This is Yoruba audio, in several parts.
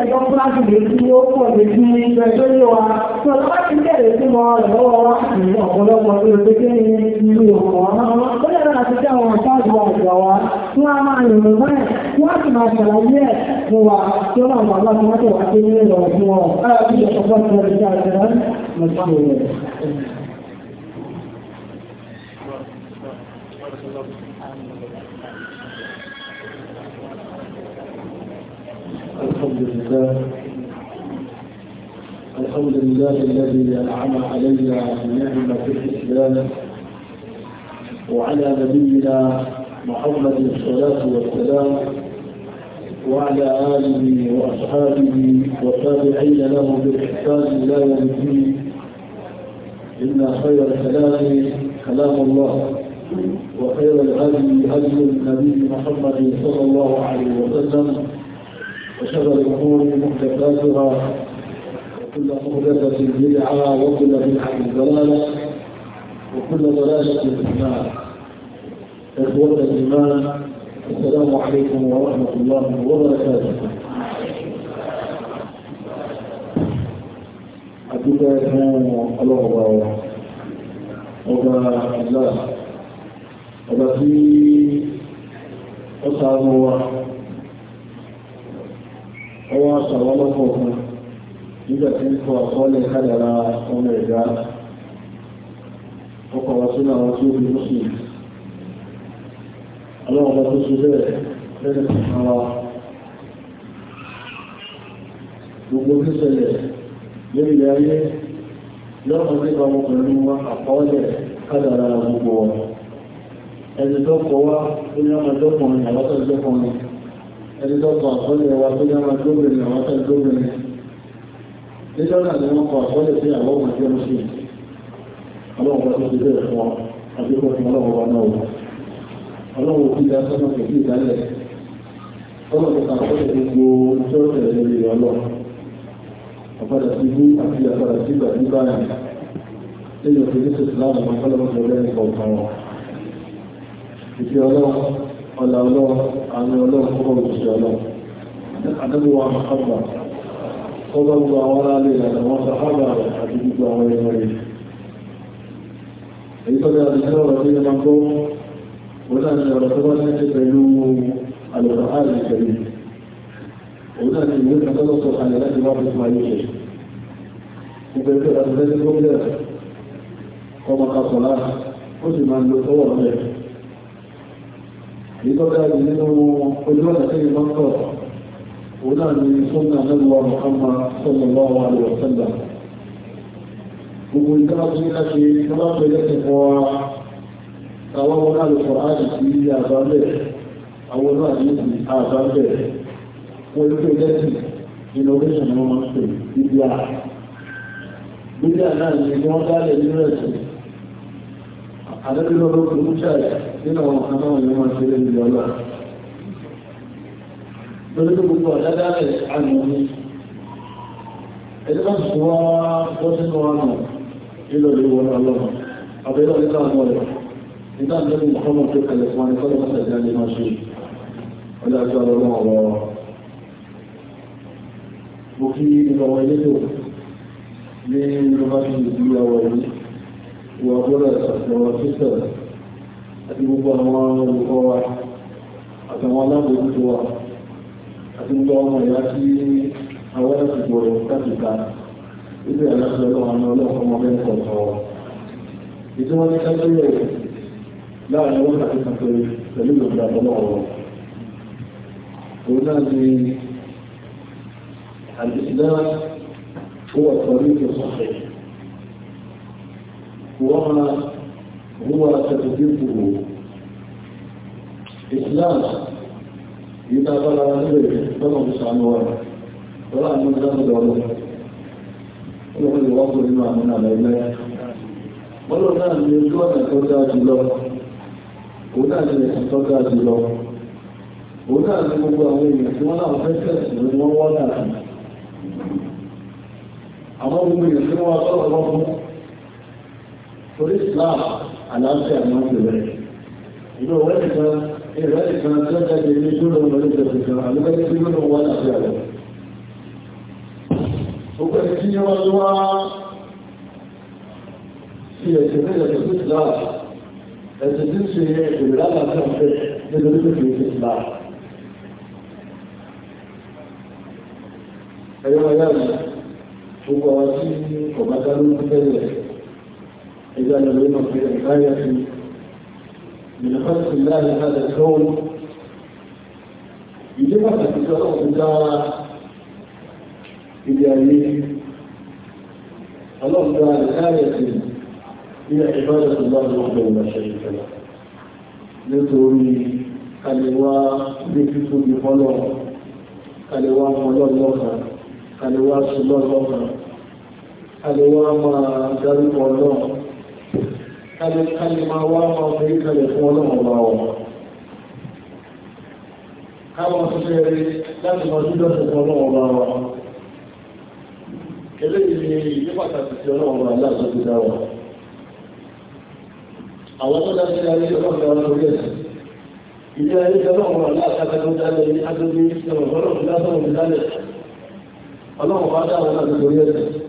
ẹjọ́ fúláṣì lè tí ó pọ̀ lè tí ẹjọ́ yíò wa tí ọ̀nà bá ti bẹ̀rẹ̀ sí mọ́ lọ́wọ́ wa ọ̀pọ̀lọpọ̀ tí ó tẹ́kẹ́ ní ìlú ọ̀pọ̀ ó lẹ́rọ àti àwọn ọ̀sáàdù wa wa tí wọ́n máa lè rìn mọ́ tí wọ́n sì máa ṣàlàyé ẹ̀ fún wa tí ó máa wà láti الحمد لله الحمد لله الذي أنعم علينا بنعمة الإسلام وعلى نبينا محمد الصلاة والسلام وعلى آله وأصحابه والتابعين له بإحسان لا يوم الدين إن خير الكلام كلام الله وخير الهدي هدي النبي محمد صلى الله عليه وسلم وشر الأمور محدثاتها وكل محدثة بدعة وكل بدعة ضلالة وكل ضلالة في النار إخوة الإيمان السلام عليكم ورحمة الله وبركاته أدوك يا الله وبركاته ọba àdúrà ọba tí ó ọwọ́ sọ̀rọ̀ lọ́pọ̀ fún nígbà tí ń kọ àkọọ́lẹ̀ kádàrá ọmọ ẹ̀dá ọkọ̀ wá sínú àwọn tí ó fi mùsùlùmí ọlọ́run bá tó ṣe bẹ́ẹ̀ lẹ́nu fún wa gbogbo tó ṣẹlẹ̀ lórí ayé lọ́kàn nípa wọn pẹ̀lú àkọọ́lẹ̀ kádàrá gbogbo wọn ẹni tó kọ wá ó ní ọmọdé ọkùnrin àwọn tó ń jẹ́ ọkùnrin ẹni tó kọ àkọọ́lẹ̀ wa tó yá máa gómìnà àwọn tó gómìnà níjọ́ náà ni wọ́n kọ àkọọ́lẹ̀ sí àwọn ọmọ tí ó ń ṣe ọlọ́run bá tó ti bẹ̀rẹ̀ fún ọ àbíkọ́ fún ọlọ́run bá náà wọ ọlọ́run ti dá sọ́nà kò sí ìdálẹ̀ ọlọ́run ti kàkọ́lẹ̀ gbogbo tó tẹ̀lé lórí ọlọ́run ọ̀padà sí ibú àti àpadà sí ìgbà nígbà yẹn lẹ́yìn òfin ní sèṣìláàmù ọlọ́run tó lẹ́yìn kọ̀ọ̀kan wọn ìfi ọlọ́run ọ̀là ọlọ́run àwọn ọlọ́run kọ́ òjìṣẹ́ ọlọ́run adébúwa mọ́kànlá ó bá gbogbo àwọn aráàlú ìlànà wọn sọ hábà rẹ̀ àti gbogbo àwọn ẹ̀rọ rẹ̀ èyí tó dára nínú ọ̀rọ̀ tó yẹ máa gbọ́ wọn náà ní ọ̀rọ̀ tó bá ní ṣe pẹ̀lú àlùkò ààrẹ pẹ̀lú òun náà ní ìwé kan tó ìtọ́jà jù nínú ojú ọ̀nà tí wọ́n tọ̀ òun náà ni sọ́nà lẹ́wọ̀ ọmọ sọ́nà lọ́wọ́ àlùwọ̀ sẹ́ndà gbogbo ìjọba tó ní láti ọba tó lẹ́sẹ̀ fọ́ àwọn ọmọ náà lè fọ́ àjì sí àbá bẹ́ẹ̀ àwọn náà ní ti àbá bẹ́ẹ̀ wọ́n ló tó lẹ́sìn innovation wọn máa ń pè níbi à níbi à náà ni wọ́n dálẹ̀ nínú ẹ̀sìn àdébílọ́dọ́ kò ń ṣàyẹ̀ nínú àwọn kan náà ni wọ́n ṣe lé ní ọlọ́ lórí tó gbogbo ọ̀dádá rẹ̀ àmọ́ ní ẹni bá sùn wá bọ́ sínú wa nù nílò ìlú wọn ọlọ́run àbẹ́lẹ́ ọ̀dẹ́ta àwọn ọ̀rọ̀ nígbà tó ní ọmọ tó kalẹ̀ fún ẹni fọ́lọ́ mọ́sẹ̀ jáde máa ṣe ọjọ́ àjọ ọlọ́run ọ̀rọ̀ mo kí ìgbàwọ̀ ilé tó ní ló bá ti ìdílé ọwọ́ yìí wọ́n gbọ́dọ̀ ṣàfihàn àti gbogbo àwọn olùkọ́ wa àtàwọn alábòójútó wa àti gbogbo ọmọ ìyá tí àwọn ẹ̀sìn gbọ̀rọ̀ káàkiri ilé ìrìnàṣọ́lọ́ àwọn ọlọ́pàá ọmọ bẹ́ẹ̀ kọ̀ọ̀tọ̀ wa ìdí wọn ní kájọ́lẹ̀ láàrin wọn àti kàfẹ́ pẹ̀lú ìlòdì àbọ̀lọ́ ọ̀rọ̀ òun náà ni àdìsílá ó wà pẹ̀lú ìjọsọ̀fẹ́ wọ́n máa هو تكذبه إسلام إذا قال نبي فما بسعى نوار ولا أن نزال دوله ولكن الوضع لما أمنا لإله ولو نعم يجوان الكوزات الله ونعم يتفقات الله ونعم يقول أمين ولا أفكس من ولا أمام من يسمى الله torí islam àlàáfíà máa ń bẹ̀rẹ̀. Ìlú ọ̀wẹ́ nìkan, ìrẹ́ nìkan tí ó jáde ní gbọ́dọ̀ ọmọdé ìjọba kan, àlúgbẹ́ tí gbọ́dọ̀ wà láti àlọ́. Ó pẹ̀ tí wọ́n ló wá sí ẹ̀sẹ̀ ní ẹ̀sẹ̀ tó ti láà. Ẹ̀sẹ̀ tí ń ṣe ìrẹ́ láti àfẹ́ nítorí pé kìí ṣe ti láà. Ẹ̀yọ́ ọ̀yá mi, gbogbo àwọn tí ọ̀bá dá lórí إذا نظرنا في الآية من خلق الله هذا الكون يجب أن تتوقع بدارة إدارية الله تعالى الآية هي عبادة الله وحده لا شريك له nítorí kàlẹ̀wá ní títún ní fọ́lọ̀ kàlẹ̀wá mọ́lọ́lọ́kà kàlẹ̀wá ṣùlọ́lọ́kà kàlẹ̀wá máa dárúkọ náà kálíkálí máa wá máa fi kalẹ̀ fún ọlọ́run bá wọn káwọn ṣiṣẹ́ rí láti máa dúdọ̀ sí fún ọlọ́run bá wọn eléyìí ni ìdí pàtàkì sí ọlọ́run bá láti fi dá wọn àwọn tó dájú ní ayé ọlọ́run bá wọn lórí ẹ̀sìn ìdí ayé ọlọ́run bá láti akẹ́kọ̀ọ́ dálẹ̀ ní adóbi ìṣẹ̀wọ̀n ọlọ́run bá sọ̀rọ̀ lórí ẹ̀sìn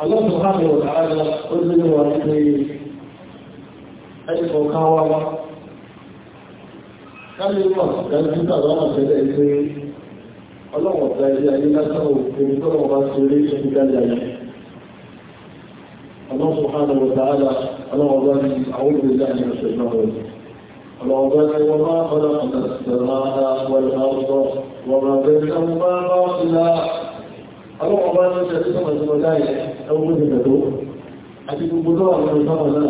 Allah subhanahu wa ta'ala ó ní wà pé ẹ̀kọ́ kan wá wá. Káàlì wà dájú tàbí àtẹ́lẹ̀ pé ọlọ́wọ̀ gba ilé ayé lásán òfin tó wọ́n bá ṣe rí ṣe dájú ayé. Allah subhanahu wa ta'ala ọlọ́wọ̀ bá ní àwọn òbílẹ̀ ayé ọ̀ṣẹ̀ náà wọ̀. الله بل وما خلقنا السماء والأرض ẹwọ́n ti tó wà ní ọjọ́ náà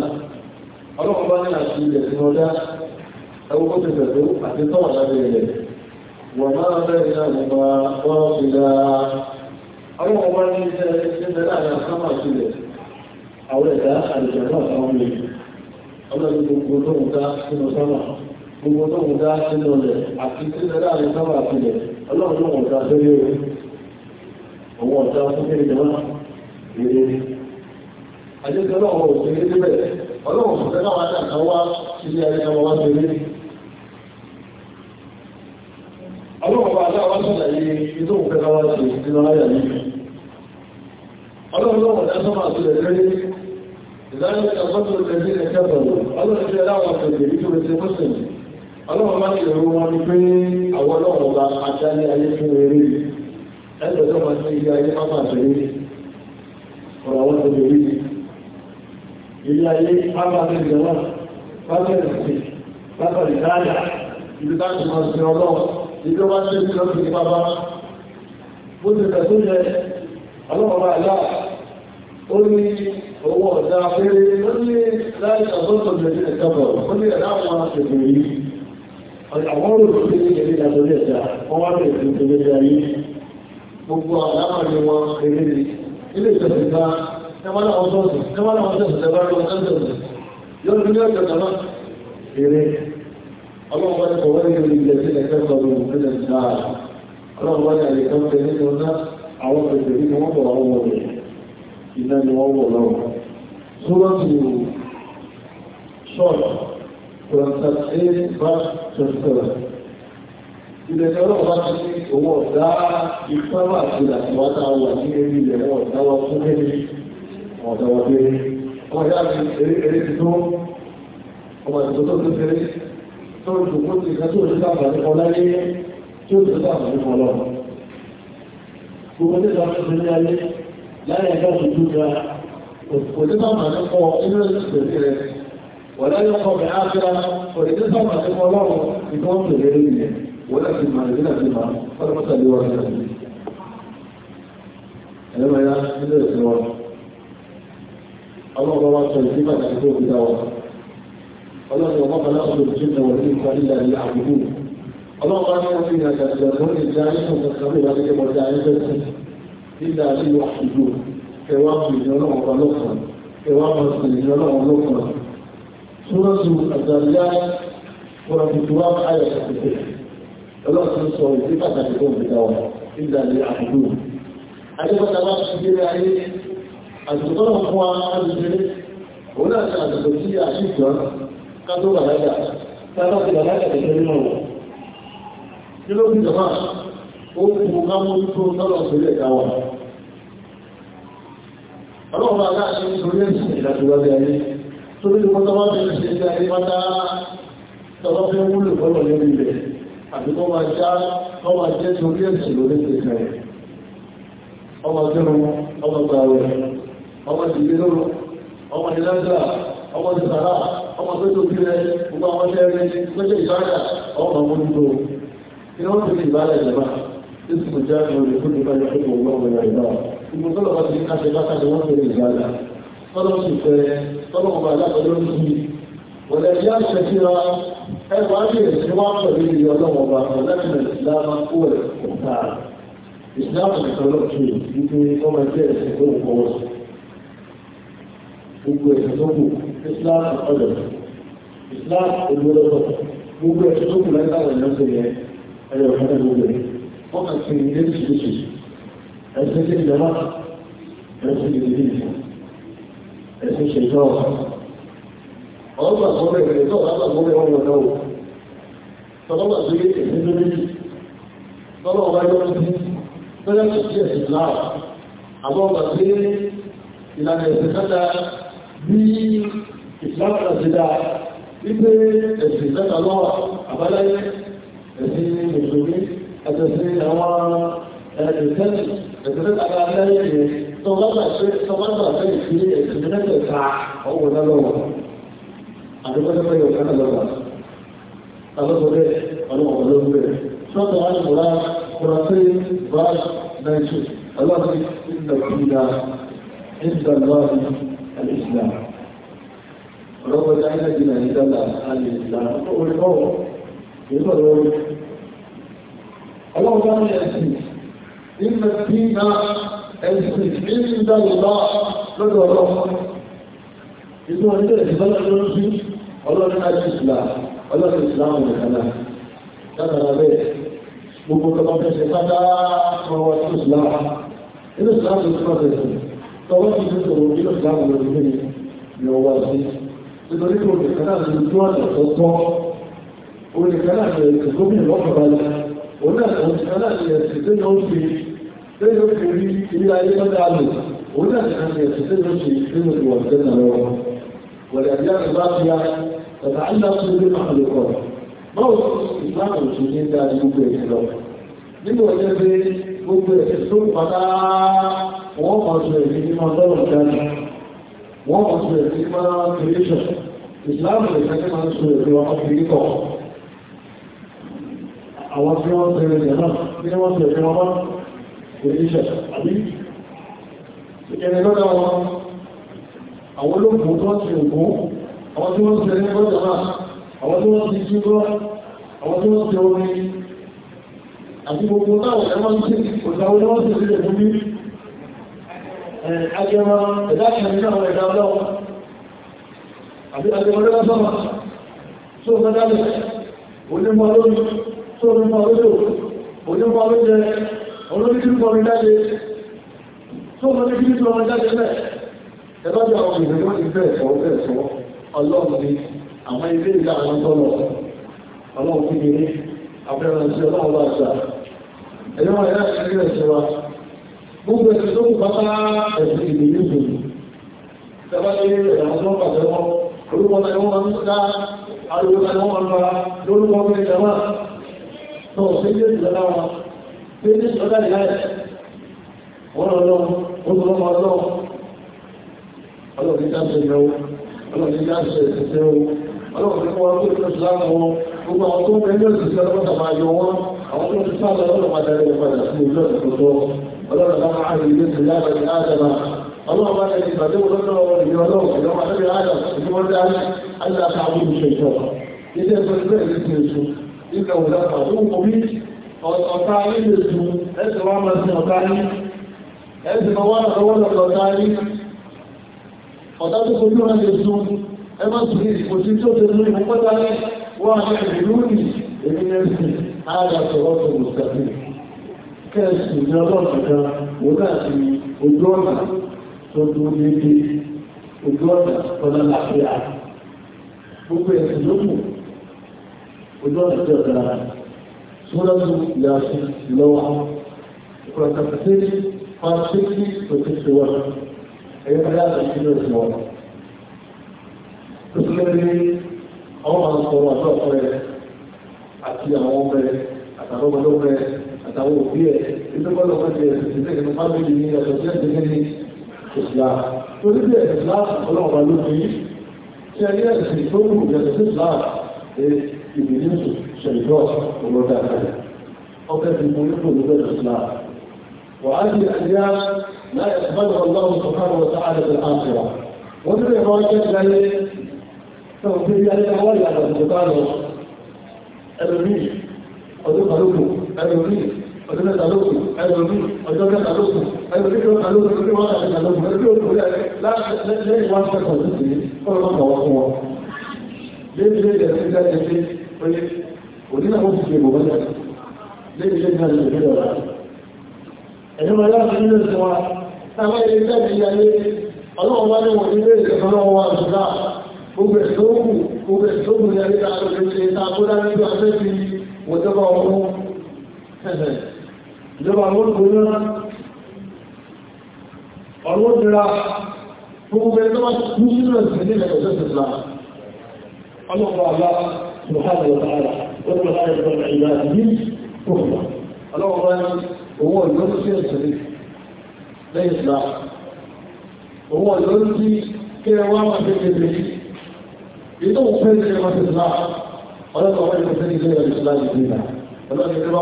ọlọ́pàá bá wọ́n ìrè àjẹsẹ ọlọ́run ò sí níbẹ̀ ọlọ́run kò fẹ́ káwọn àtàkà wá sílé ayé káwọn wá sílé ọlọ́run bá aláwọ̀ sọ̀tàyé inú òfẹ́ káwọn sí nínú ayé yìí ọlọ́run lọ́wọ́ dá sọ́mà sílẹ̀ lórí ìdájọ́ ìtàkọ́tò ìtẹ̀sí ẹ̀kẹ́bọ̀ ọlọ́run ti aláwọ̀ àtẹ̀lẹ̀ yìí tó lè ṣe mọ́sẹ̀lẹ̀ ọlọ́run máa ti rú wọn pé àwọn ọlọ́run bá ajá ní ayé fún eré ẹgbẹ̀tọ́ máa ti ilé ayé pápá àtẹ̀lẹ̀ ọ̀rọ̀ àwọn ọ̀dọ̀ orí mi ilé ayé ábàtẹ̀ ìjọba bábẹ̀rẹ̀ sí bábẹ̀rẹ̀ dáadáa ibi táàkì máa sin ọlọ́run ibi wá sí ìjọ sí bàbá bó ti tẹ̀ tó yẹ ọlọ́run àlá ó ní owó ọ̀dà péré ó ní láì àtọ́tọ̀ lẹ́yìn ẹ̀kọ́bọ̀ ó ní ẹ̀dá àwọn àṣẹ̀kọ̀ yìí àwọn olùdókè ní ẹ̀rí àtọ́lẹ̀ ẹ̀dá wọ́n wá bẹ̀rẹ̀ sí ìjọba ayé gbogbo ilé ìjọsìn ká ẹmọ́lá ọ̀sọ̀ọ̀sẹ̀ ẹmọ́lá ọ̀sọ̀ọ̀sẹ̀ ẹmọ́lá ọ̀sọ̀ọ̀sẹ̀ yóò rí ní ọjọ́ kanáà èrè ọlọ́run wáyé kọ̀ wáyé ní ilẹ̀ sí ẹ̀kẹ́ sọ̀rọ̀ ìpínlẹ̀ náà ọlọ́run wáyé àyè kan tẹ nínú náà àwọn pèsè nínú wọn bọ̀ wọn wọ̀ rẹ̀ iná ni wọ́n wọ̀ lọ́wọ́ tó wọ́n ti ṣọ́ọ̀tù 28 verse 27 ìrẹ̀lẹ̀ ọlọ́ọ̀bá ti ní owó ọ̀dá ìfẹ́wà àti àtiwátà wà ní eré ilẹ̀ ọ̀dáwà fún ẹni ọ̀dáwà pé wọ́n yá ní eré eré ti tó ọmọ ìgbò tó tó fẹ́rẹ́ tó ń dùn kó ti ká tó ń sábà ní ọlá ní tí ó ti sábà ní ọlọ́ gbogbo ní ìlànà tó ní ayé láyé ẹ̀dá òṣèlú ga kò ní sábà ní kọ inú ìrẹsì rẹ̀ wọ̀lá ní ọkọ̀ bẹ̀rẹ̀ áfíà kò ní sábà ní ọlọ́run ìgbọ́n ولكن منزلتهما فرقة لوالدتهما إنما يا أهل الإسلام الله رواه تنزيما تحكوه بدعوة الله وضع لأخذ الجن والإنس إلا ليعبدون الله قال فينا كالجنون الجاهل وتستمر عليهم والجاهل إلا ليوحدون كواب الجنون وطلقها كواب الجنون وطلقها سورة الزريات سورة التواب آية 36 ọlọ́run sọ ìdí pàtàkì tó ń bí dáwọn nígbà ní àbúrò adébọ́ta bá ti gbé ayé àtúntò náà fún wa alùpùpù òun náà ti àtúntò sí àṣìṣọ́ kátó bàlágà tábà ti bàlágà tẹ̀lé nínú wọn kí ló fi jọba ó kú káwọn tó tọ́lọ̀ sílẹ̀ káwọn ọlọ́run bá láti nítorí ẹ̀sìn ìdàtúwájú ayé torí ìwọ́n tó bá fi ṣe ayé pátá tọ́lọ́ fẹ́ wúlò fọ́lọ̀ lórí ilẹ̀ àti kọ́ máa já kọ́ máa jẹ́ tí orí ẹ̀sìn lórí ti kẹrẹ̀ ọmọ jẹ́rọ ọmọ gbàwẹ̀ ọmọ ti gbé lórí ọmọ ti lẹ́gbà ọmọ ti sàrà ọmọ tó tó kílẹ̀ gbogbo àwọn tẹ́ rẹ̀ lọ́jọ́ ìbára ọmọ mú nílò iná ó ti fi ìbára ìjọba tí sì kò já lórí fún ìbá ìjọba tó wọ́n wọ́n wọ́n ìbá ìgbòho lọ́wọ́ ti ní káṣẹ káṣẹ wọ́n fẹ́rẹ̀ ìbára tọ́lọ́ sì fẹ́ tọ́lọ́ والأجيال الكثيرة أيضا هي الاستمرار الذي يظلم الله ولكن الإسلام هو الاستمتاع الإسلام يتطلب شيء يمكن يقوم الجيل يسكتون فوز يمكن الإسلام القدر الإسلام الولد يمكن يسكتون لا يقال أن ينزل أي وحدة مدري وقع في نفس الشيء أسكت الجماعة أسكت الجماعة أسكت الجماعة أسكت àwọn gbà sọ bẹ́ẹ̀ bẹ́ẹ̀ tó wà gbà sọ bẹ́ẹ̀ wọ́n wọ̀ náà tọ́lọ́ gbà sọ bẹ́ẹ̀ èmi ló méjì tọ́lọ́ ọba yọ sí tọ́lọ́ sì sí ẹ̀sìn láà àbọ̀ gbà sí ìlànà ẹ̀sìn kẹta bí ìsìlámù àti dáa wípé ẹ̀sìn kẹta lọ́wọ́ àbáláyé ẹ̀sìn mùsùlùmí ẹ̀sìn àwọn ẹ̀sìn kẹta ẹ̀sìn kẹta àbáláyé tọ́lọ́ gbà sọ bẹ́ẹ̀ ẹ̀sìn àdúgbòsọ́fẹ́ yóò kánà lọ́wọ́ àlọ́sọ̀rẹ́ ọlọ́wọ́ lọ́wọ́ sọ́tọ̀ àṣùwà kùrọ̀sẹ́ bá nàìjú ọlọ́sí ìdàkúdà ìdàlọ́wọ́ alìsìlám ọlọ́wọ́ jáde jìnà ìdàlà alìsìlám orí ọwọ́ ìgbà lọ́wọ́ ọlọ́wọ́ jáde ẹ̀sìn ìdàkúdà ẹ̀sìn ìdàlọ́wọ́ lọ́dọ̀ ọlọ́wọ́ inú wọn níbẹ̀rẹ̀ sí bọ́lá ló ń bí ọlọ́run ájú ìsìlá ọlọ́run ìsìlámù nìkanáà látara bẹ́ẹ̀ gbogbo tọmọ fẹsẹ̀ pátá ọwọ́ sí ìsìlámù inú ìsìlámù tó tọmọ fẹsẹ̀ tọwọ́ sí ìsìlámù inú ìsìlámù ló ń bí ni ọwọ́ sí nítorí kò lè kanáà ló ń tún ọ̀nà tó tọ́ o lè kanáà lè ẹ̀sìn gómìnà lọ́kọ̀ balẹ̀ òun náà lè kanáà lè ẹ̀sìn tó yọ ó fi tó yọ rí ilé ayé tó lò òun náà lè kanáà lè ẹ̀sìn tó yọ ó fi nínú ìwà ìjẹ́ náà والأديان الباقية تتعلق بالمخلوقات ما هو الإسلام المسلمين ده اللي ممكن يحلو من هو الذي ممكن يحسون فتاة وما أصبح في ما دور الثاني وما أصبح في ما تريشة الإسلام اللي يتكلم عن السورة في وقت في إيطاق أواصل ما أصبح في الإنسان من أواصل في ما أصبح في إيطاق عديد يعني ماذا àwọn olóògùn tó ti ògùn àwọn tí wọ́n ti ẹni gbọ́dọ̀ náà àwọn tí wọ́n ti jígbọ́ àwọn tí wọ́n ti omi àti gbogbo táwọn ẹ̀mọ́ ti òṣàwọ́ ni wọ́n ti rí ẹ̀dùn bí ajẹmọ ẹ̀dá ìrìn àwọn ẹ̀dá ọlọ́wọ́ àbí ajẹmọ lọ́wọ́ sọ́mà ẹgbẹ́jọ́ àwọn ìrìn wọ́n ti fẹ́ ẹ̀sọ́ fẹ́ ẹ̀sọ́ ọlọ́run ni àwọn ilé ìlà àwọn tọ́lọ̀ ọlọ́run fún mi abẹ́rẹ́ sí ọlọ́run bá gbà ẹ̀yọ́ wọn yá sí ilé ẹ̀sọ́ wa gbogbo ẹ̀sọ́ tó kù pátá ẹ̀sìn ìlú yìí dùn ìjọba ní ẹ̀rọ tó ń pàṣẹ wọn orúkọ náà wọn máa ń dá ariwo náà wọn máa lórúkọ pé ìjọba náà ṣe ilé ìjọba wọn ṣe ilé ìjọba ìlà ẹ̀ wọ́n lọ lọ ọlọ́run ní dáṣẹ́ ìyàwó ọlọ́run ní dáṣẹ́ ìṣẹ́ owó ọlọ́run ní wọ́n tó ń tẹ̀sí lára wọn gbogbo àwọn tó ń bẹ ní òṣìṣẹ́ ọlọ́pàá máa yọ wọn àwọn tó ń tẹ̀sí lára ọlọ́run máa darí padà sí ìjọ ìtòtọ́ ọlọ́run bá máa rí ilé ìlú lára ní ádámà ọlọ́run bá tẹ̀lé ìpàdé olóńtọ́ ìyọ ọlọ́run ìyọ máa tẹ̀lé ádámà ìdíwọ́n dárí ádámà àwọn olùṣèjọ ilé ẹ̀sọ́ ilé ìlú ti èso ilé òun dáta òun kò rí ọ̀tá ilé èso ẹ̀sìn wa máa sin ọ̀tá ní ẹ̀sìn wa máa sọ wọ́n lọ́tọ̀ ọ̀tá ní ọ̀tá tó sojú rẹ̀ lè sun ẹgbẹ́ tó kò sí tó ṣe lórí mú pẹ́ta ní wọ́n á ìlú ní èmi ẹ̀sìn aláàdàsọ̀rọ̀ tó lò kẹ́ẹ̀sì ní ọlọ́ọ̀nà kan wọ́n náà ojú ọ̀nà tó dúró déédéé ojú ọ̀nà ọ̀nà làáfíà gbogbo ẹ̀sìn ló kù ojú ọ̀nà tí ọ̀dà súnlọ́dún ìyàsí lọ́wọ́ ìpàtàkì pàṣẹ sí òṣìṣẹ́ wọn ẹ̀yọ́ bí láti ṣe ló sọ. Tó tún lé àwọn àwọn ọmọ àti ọkọ rẹ̀ àti àwọn ọmọ rẹ̀ àtàwọn ọmọdé rẹ̀ àtàwọn òbí ẹ̀ nígbà gbọ́dọ̀ wọ́n ti ẹ̀sìn sí ẹ̀sìn fámìlì ní ẹ̀sọ̀ tí ẹ̀sìn ní ìṣìlá. Torí bí ẹ̀sìn láti ọlọ́ọ̀bá ló fi ṣe ẹni ẹ̀sìn tó wù ẹ̀sìn sí ìṣìlá ìbìlẹ̀ ṣẹ̀dọ̀ ọlọ́dà kalẹ̀. Ọkẹ́ ti mú ní kò ní bẹ̀rẹ̀ ìṣìlá. Wà á di àyà لا يقبله الله سبحانه وتعالى في الآخرة وفي رواية ذلك ففي ذلك أولى سبحانه ẹlòmíì ọdún kalókù ẹlòmíì ọdún kalókù ẹlòmíì ọdún kalókù ẹlòmíì ọdún kalókù ẹlòmíì ọdún kalókù ẹlòmíì ọdún kalókù ẹlòmíì ọdún kalókù ẹlòmíì ọdún kalókù ẹlòmíì ọdún kalókù ẹlòmíì òdínà wọ́n ti ṣe ìbòmọ́lẹ̀ lẹ́yìn lẹ́yìn náà lè gbé lọ́la ẹ̀yọ́ ma yára sí ilé ìsinwa sáwọn ilé ìjẹ́ ayé ọlọ́run wá ní wọ̀n ilé ìjẹ́ ọlọ́run wá àdúrà gbogbo ẹ̀sọ́gùn gbogbo ẹ̀sọ́gùn ní ẹ̀ríkà àdúgbò ta kódà nínú afẹ́ ti wọ́jọba ọ̀hún ẹ̀sẹ̀ ìjọba àwọn olùgbòmìnira ọ̀rọ̀ dira gbogbo ẹ̀sọ́ máa kú sínú ẹ̀sẹ̀ nílẹ̀ ọ̀sẹ̀ ìsìlá ọlọ́run àlá subhanahu wa ta'ala wọ́n ti wọ́n láyé ọ̀rọ̀ ìyá lẹ́yìn ìgbà òun ọ̀dọ́ ní kí ẹ wá wọ́n ti tẹ́lẹ̀ tẹ́lẹ̀ tẹ́lẹ̀ láti gbé náà ọlọ́pàá ti wá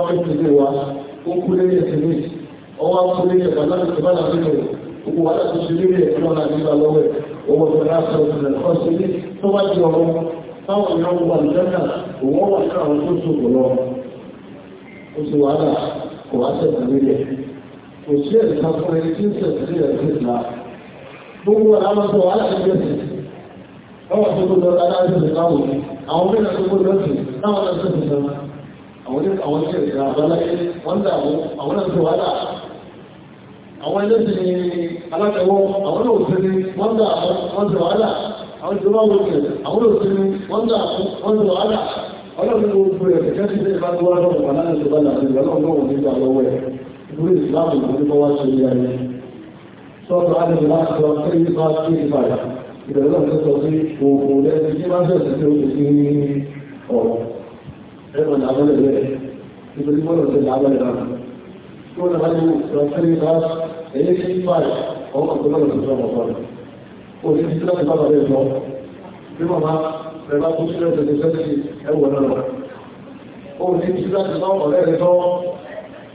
pẹ́ẹ́tì lé wa ó kú wà ní tó òun wà ní tó ṣòkò lọ ó sì wàhálà kò wá sẹ̀ kò sí ẹ̀ka fún ẹni tí ń sẹ̀sí ẹ̀sìn ìlà gbogbo alámọ́tò aláìsẹ̀sì ọwọ́ tó gbogbo aláìsẹ̀sì láwọn àwọn mẹ́rin tó gbogbo ẹ̀sìn láwọn aláìsẹ̀sì náà àwọn ilé àwọn ilé ìgbà àbáláyé wọ́n dà wọ́n àwọn náà tó wàhálà àwọn ilé ti alákẹ̀wọ́ àwọn náà ti ní wọ́n dà wọ́n ti wàhálà àwọn ìjọba wọn ti àwọn náà ní wọ́n dà wọ́n ti wàhálà ọlọ́run gbogbo ẹ̀ kẹ́kẹ́ ti dé ìbá lórí ìsìláàmù ìlú tó wá ṣe ilé ayé sọ́ọ̀tù ánìyàn ẹ̀rọ ní abẹ́lẹ̀ rẹ̀ nítorí mọ́nà ṣe ní abẹ́lẹ̀ náà tí wọ́n náà yóò sọ pé ní bá ẹ̀yẹ ṣe ìfàyà ọkọ̀ tó lọ́nà tó sọ̀rọ̀ sọ̀rọ̀ ó ní títí láti bá bàbá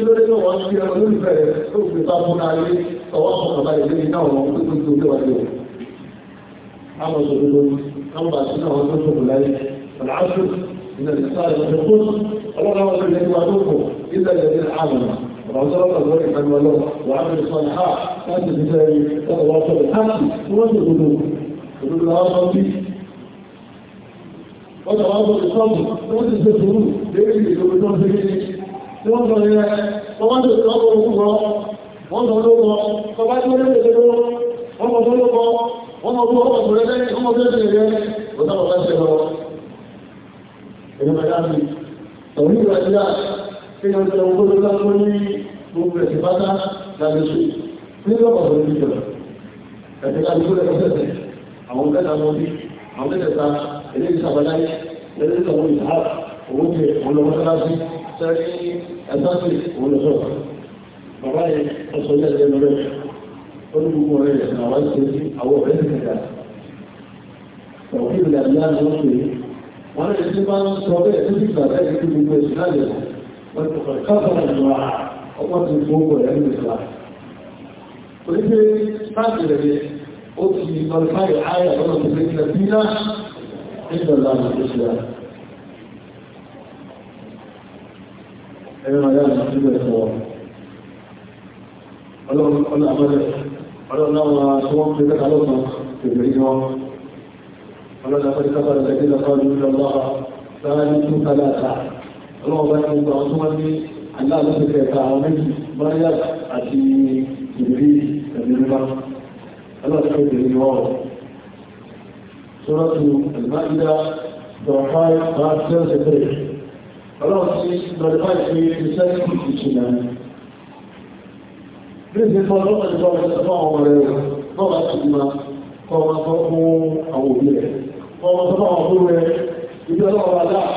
kí ló dé tó wọ́n ṣe ọmọ lórí bẹ̀rẹ̀ tó fi bá fún ayé ọwọ́ fún bàbá ìlú iná wọn tó tó tó wà ní o. Àwọn òṣèlú lórí, àwọn bàtí náà wọ́n tó tó kù láyé, ọ̀nà áṣù, ìlẹ̀ ìsáyẹ̀ ọ̀dọ́ kó, ọlọ́run àwọn ìlẹ̀ ìwà tó kù, ìlẹ̀ ìlẹ̀ àmàlà. رسول الله كان ولو وعمل الصالحات أنت بذلك تتواصل الحق وانت قلوب قلوب العظم بي وتواصل الصبر وانت تتواصل ليه اللي يقولون في tí wọ́n sọ ní rẹ̀ wọ́n tó lọ́kọ̀ orúkọ wọ́n wọ́n lè lè lọ́wọ́ wọ́n mọ̀ tó lóko wọ́n mọ̀ tó lọ́kọ̀ tó lẹ́lẹ́ wọ́n mọ̀ tó lè lè wọ́n tó lọ́kọ̀ tó lọ́wọ́. Èdè bàtà mi, òun ìgbà tí a ti ń sọ ohun tó lọ́kọ̀ tó ní gbogbo ẹ̀sìn pátá láti ṣe ní lọ́kọ̀ tó ní ìjọba. Ẹ̀sìn láti tó lẹ́kọ̀ tẹ̀sẹ̀, àwọn sẹ́rí ẹ̀sọ́sì olùsọ̀ bàbá yẹn ọ̀sọ̀ ilẹ̀ ẹ̀lẹ́nu rẹ̀ olùgbogbo rẹ̀ rẹ̀ náà wáyé tó sí àwọ̀ rẹ̀ ní ìgbà òfin ìlànà ìlànà ó pè é wọ́n lè ti máa ń sọ bẹ́ẹ̀ tó sì gbà bẹ́ẹ̀ tó gbogbo ẹ̀sìn náà lẹ̀ wọ́n ti kọ̀ káfà ìjọba ọkọ̀ ti gbogbo rẹ̀ ní ìgbà torí pé láti rẹ̀ ó ti kọlifáì àyà lọ́nà tó gbé ẹ̀rọ ayára sílẹ̀ ẹ̀kọ́ ọlọ́run àbẹ́rẹ̀ ọlọ́run náà tí wọ́n fi lẹ́ta lọ́sàn tèbè ní wọn ọlọ́run àbẹ́rẹ̀ kábàrẹ̀ lẹ́gbẹ́ lọ́pàá ní ọlọ́run láàrín tó kálá àtà ọlọ́run bá ní gbogbo àwọn tó wọ́n ní aláàlọ́sẹ̀kẹ̀ ẹ̀ka àwọn méjì mariam àti ìbírí ẹ̀mí mímá ọlọ́run tó tèbè ní wọn sọ́rọ́tù àlùmáàdá dọ̀ọ̀fáì bá tẹ́lẹ̀ ọlọ́run sí lọ́dọ́ ìfẹ́ ìfẹ́ ìṣìnà bí i fọ́ lọ́pọ̀ ìjọ ìṣẹ́ fún àwọn ọ̀rẹ́ rẹ̀ lọ́wọ́ láti ma kọ́ ọmọ tó fún àwọn òbí rẹ̀ kọ́ ọmọ tó fún àwọn òbí rẹ̀ ibi ọlọ́wọ́ wà láà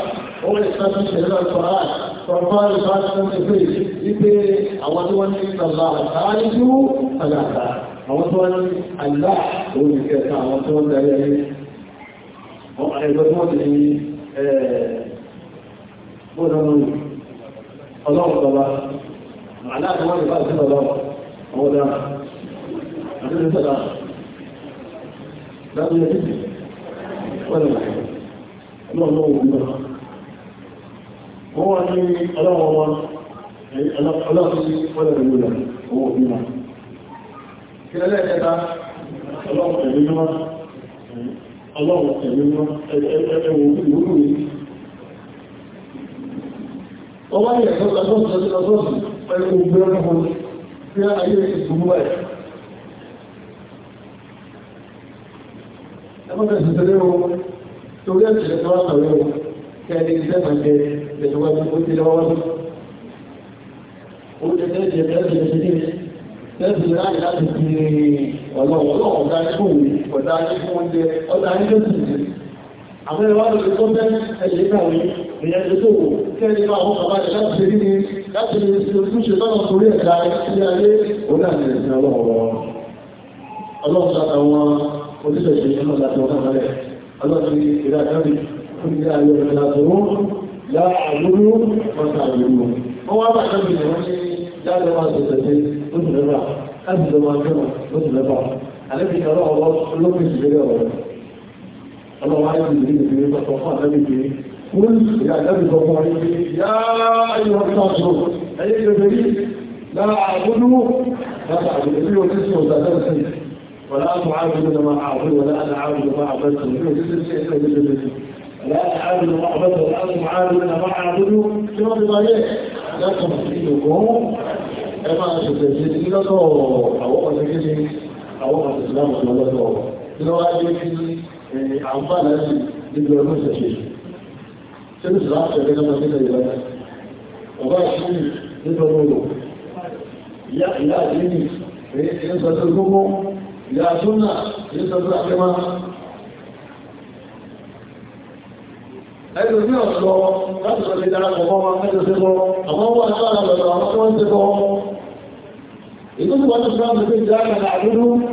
ó lè sá sí ìṣẹ̀lẹ̀ náà sọ láà sọ̀rọ̀fà ìfà ìfẹ́ ìfẹ́ ìpé àwọn tí wọ́n ní ìtàlá àtàlẹ́jú àgbàtà àwọn tó wọ́n ní àlá òun ìkẹta àwọn tó wọ́n darí ayé bóyá wọn ni ọlọ́run tọba màálà tí wọ́n ti bá ìṣẹ́ ọlọ́run àwọn ọ̀dà àti ìṣẹ́ ọ̀dà láti ilé títì wọ́n ni ọlọ́run lọ́wọ́ òun náà wọ́n wá ní ọlọ́run wọn ọlọ́run sí wọ́n lè lò òun náà kí lẹ́lẹ́kẹta ọlọ́run ẹ̀mí mímọ́ ọlọ́run ẹ̀mí mímọ́ ẹ̀wọ̀n ọwọ́ yẹ̀ lọ́sọ̀ọ̀sọ̀ọ̀sọ̀ọ̀sọ̀ pẹ̀lú gbogbo ọmọ ọmọ tí a ayé ìṣòro ẹ̀ ẹgbẹ́ ìṣẹ̀lẹ̀ wọn torí ẹ̀ṣẹ̀ tó wà sọ̀rọ̀ wọn kẹ́lé iṣẹ́ màjẹ ìṣẹ̀wájú ó ti lọ́wọ́ ó ti tẹ́jẹ̀ tẹ́jẹ̀ tẹ́jẹ̀ tẹ́jẹ̀ láì láti fi ọ̀lọ́wọ́ ọ̀dá ikú ọ̀dá ikú oúnjẹ ọ̀dá ikú oúnjẹ àwọn ìwádìí ti tó bẹ́ ẹ̀yìn náà ní ìyẹn tó tó wò kẹ́lẹ́ máa wọ́n bàbá rẹ̀ láti rí ní láti rí sí ojúṣe lọ́nà torí ẹ̀dá sí ayé òun àti ẹ̀sìn ọlọ́ọ̀rọ̀ ọlọ́run láta wọn oníṣẹ̀ṣẹ̀ nínú láti wọn náà rẹ̀ ọlọ́run ìrẹ́ àjọ́rí fún ilé ayé ọ̀rẹ́ láti wọn lá àlúrú ọ̀tà àlúrú wọn wá bàtà bí wọn ní láti wọn ọlọ́wọ́ ayé ìlú ìlú ìlú ọ̀sọ̀ fún àtẹ́lẹ̀ ìgbé wọ́n ìyá ìdábì sọ fún ọ̀rẹ́ yá ayé wọn tó àṣọ ẹyẹ ìrẹ̀lẹ̀ yìí lára àgbódúwò lára àgbódúwò bí o ti sọ ìdájọ́ sí ولا أعبد ما أعبد ولا أنا أعبد ما أعبدت لا أعبد ما أعبدت ولا أنا أعبد ما أعبد شو بضايق لا تمثيلكم كما تسجد إلى الله أو أسجد أو أسلام الله لله àǹfààní ẹ̀sìn níbi ọdún ṣẹ̀ṣẹ̀ tí ó sì láti ẹ̀rẹ́ lọ́wọ́ nílẹ̀ ìlànà ọba ìṣúlì nínú ọmọ ìyá ìyá àdínì èyí sọ́tọ̀ gbogbo ìyá àtúnà èyí sọ́tọ̀ àfẹ́má ẹgbẹ̀ bí ọ̀sọ̀ láti sọ ti dára pọ̀ mọ́ ẹjọ́ sí bọ́ àwọn ọmọ àtàrà lọ́dọ̀ àwọn tó ń ti bọ́ ìtúkù wọn tó fẹ́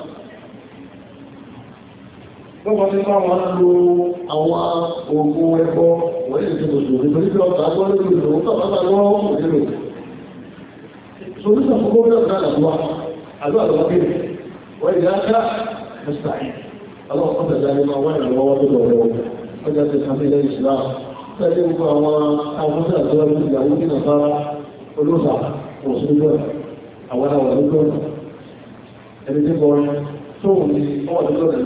lọ́pọ̀ tí wọ́n wọ́n lo àwọn oògùn ẹ̀kọ́ wọ́n lè tó lòdò nítorí pé ọ̀tà agbọ́n lórí ìlú tó bá tàbí wọ́n wọ́n lè lò. Solúsọ̀ fún gómìnà náà làdúrà, àdúrà lọ́wọ́ bí wọ́n yìí láká mẹ́sà yìí. Àwọn ọ̀pọ̀ tẹ̀lé ayé máa wọ́n ìrànlọ́wọ́ wọ́n tó lọ́wọ́. Wọ́n jẹ́ ti sàmì ilẹ̀ Ìsìláà. Tẹ́lẹ̀ gbogbo àwọn àwọ̀sẹ̀ àti ọ̀rọ̀ ìyàwó ní Nàfàrà olóòsà òṣèlú àwọn àwọn olóòsà. Ẹni tí bọ́ọ̀rọ̀ tó wù ní ọwọ́ àdúgbò rẹ̀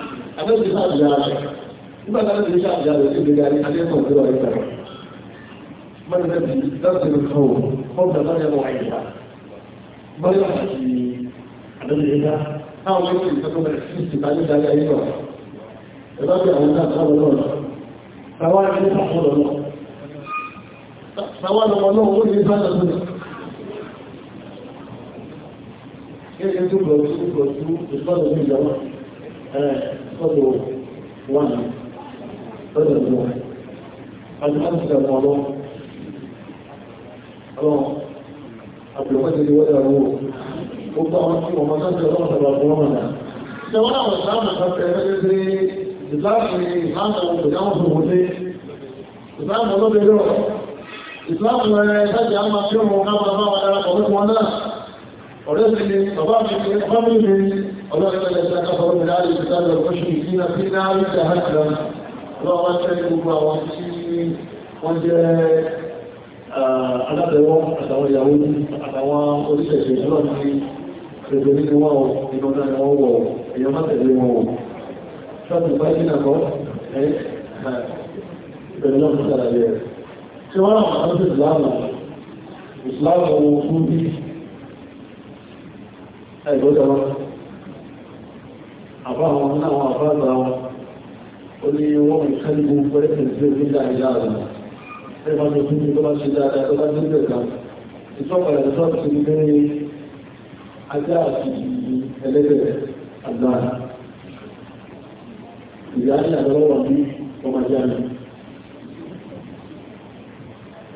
àbẹ́bí sáàbìyà rẹ̀ nígbà tí a ti sáàbìyà rẹ̀ sí gbẹ̀gà ní akẹ́kọ̀ọ́ ìjọba ìjọba mọ́nà láti rí fún ọ ọgbà láti ẹ̀wọ̀n àyíká bọ́lá àti àbẹ́bí táwọn ọmọ ìjọba sí ìta ní ìdarí ayé lọ bí àwọn ìta sáwọn lọ táwọn ẹni sáwọn lọ ọmọ náà ó ní sáà lọ ọdún wọn ọdún wọn aláǹtí ọmọ ọlọ ọlọ àpèwọ́dé ni wọ́n yà wọ́n gbogbo àwọn tí wọ́n máa ń tẹ̀lé ọ̀sán ọ̀sán wọn náà ṣe wọ́n àwọn ìsáwọn àkọsẹ̀ ẹgbẹ́ ìsáàmù ìsáàmù ìdáhùn tó wọlé ìsáàmù ọlọ́bẹ̀rẹ̀ ìsáàmù rẹ̀ sáàjì àmà tí ó mọ̀ ká máa bá wọn darapọ̀ mẹ́fọ́ náà ọ̀rẹ́ sí ni bàbá mi ni bàbá mi ni ọlọ́run ẹ̀lẹ́sẹ̀ akọ́fọ́rọ́ mi láàrín ìtàlẹ̀ ọ̀pọ̀ṣìn ìfínà sí láàrín ìtàhàkìlá ọlọ́run wá tẹ́lẹ̀ gbogbo àwọn tí wọ́n jẹ́ alábẹ̀wọ́ àtàwọn ìyàwó ní àtàwọn oríṣẹ̀ṣẹ̀ ọlọ́run ní ẹgbẹ̀ nínú wọn ò nínú ọ̀nà ni wọ́n wọ̀ èèyàn má tẹ̀lé wọn ò ṣọ́ọ̀tù bá jìnà kọ́ ìbẹ̀rẹ̀ náà fún ṣàlàyé rẹ̀ tí wọ́n rà wọ́n sí ìsìláàmù ìsìláàmù fún bí ẹgbẹ́ àbáwọn àwọn àbábà wọn ó ní ṣe dáadáa tó bá ṣe bẹ̀rẹ̀ kan ìtọ́pà rẹ̀ sọ́ọ̀tù ti gbé ajá àti ẹlẹ́dẹ̀ àgbára ìyá ní àdọ́wọ́ bí ọmọ ajá mi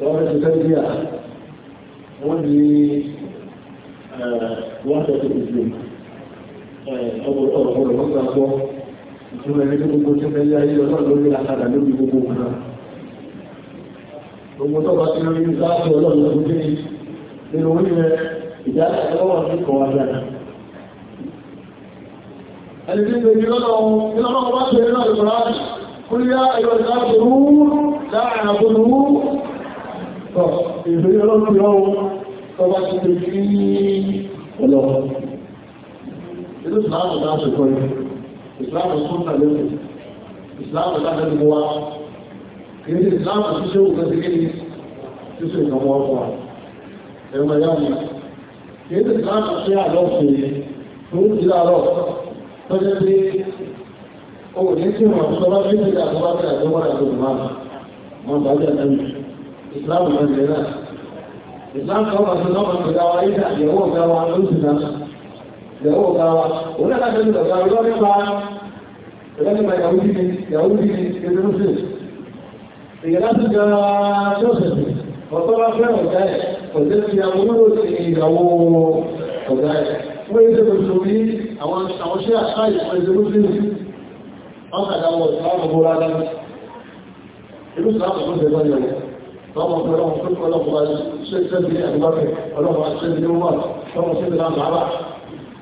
wọ́n rẹ̀ ti fẹ́ bí wọ́n ní wọ́n tọ́tù ọgbọ̀tọ̀ ọgbọ̀rọ̀ tí mẹ́lẹ́ rí láti ọlọ́run lórí dé nínú orí rẹ ìjà kọ̀ wájà ẹni tí ìgbè ní lọ́nà ọlọ́run bá ti rí náà lọ́nà kúríyá ẹ̀yọ ìdáàbò rú láàrín àbúrú ìgbè Ìlú ìsìláàmù náà ṣe kọ́ yìí. Ìsìláàmù tún náà lórí. Ìsìláàmù náà lórí mú wa. Kìí ṣe ìsìláàmù tí ṣe òkú sí kéde tí ṣe ìkàmọ́ ọkọ̀ wa. Ẹ̀rọ ẹ̀yà mi. Kìí ṣe ìsìláàmù ṣe àlọ́ fún yìí. Fún ìlà àlọ́. Tọ́jú pé o ní sí wọn sọ bá bí ìdílé àtọ́wá bí àtọ́wá àtọ́wá máa. Wọ́n bá jẹ́ ẹ̀mí. Ìsìláàmù náà lè náà. Ìsìláàmù náà wà sí náà ìyàwó ọ̀gá òun náà láti ẹ̀sìn ọ̀gá ọ̀gá nípa ọ̀gá nípa ìyàwó bíbí ìyàwó bíbí ìgbésẹ̀ lóṣù èyí láti gba lóṣù ọ̀tọ́ bá fẹ́ ọ̀gá ẹ̀ ọ̀gá ti àwọn olóró ti ìyàwó ọ̀gá ẹ̀ wọ́n yẹ kí oṣù rí àwọn àwọn ṣé àṣà ìpèsè lóṣù wọn kàdá wọ̀ láwọn bó rárá bí ẹ̀dùbáfẹ́ ọlọ́mọ ṣẹ́ṣẹ́ bí ó wà lọ́mọ ṣẹ́ṣẹ́ bí ó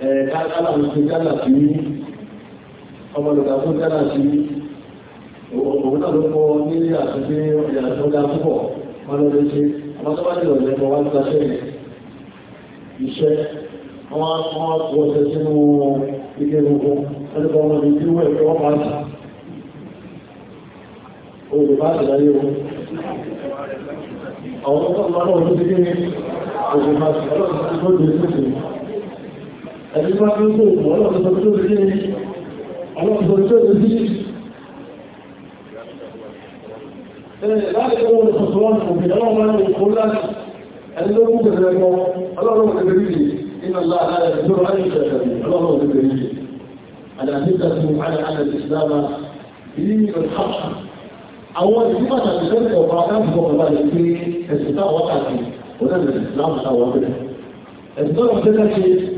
kálà ń ṣe kálà sí ọmọlùkà tó kálà sí òun náà ló kọ́ nílé àtúnṣe ọjà tó dá púpọ̀ wọn lọ lè ṣe ọmọ tó bá jẹ́ ọ̀lẹ́ mọ́ wá nípa ṣẹ́yìn iṣẹ́ wọn wọ́n ẹ̀rí wá tó tó ìmọ̀ ọlọ́pọ̀ tó rí ní ọlọ́pọ̀ tó rí ní láti ọwọ́ ìfọ̀sọ̀ wọn kò fìyà wọn máa ń kó láti ẹni tó kú bẹ̀rẹ̀ mọ́ ọlọ́pọ̀ tó rí ní iná láàárẹ̀ tó ráyè ìṣẹ̀lẹ̀ ọlọ́pọ̀ tó rí ní àdàtìkàtù àdàtìsìlámà ilé ìrọ̀lá àwọn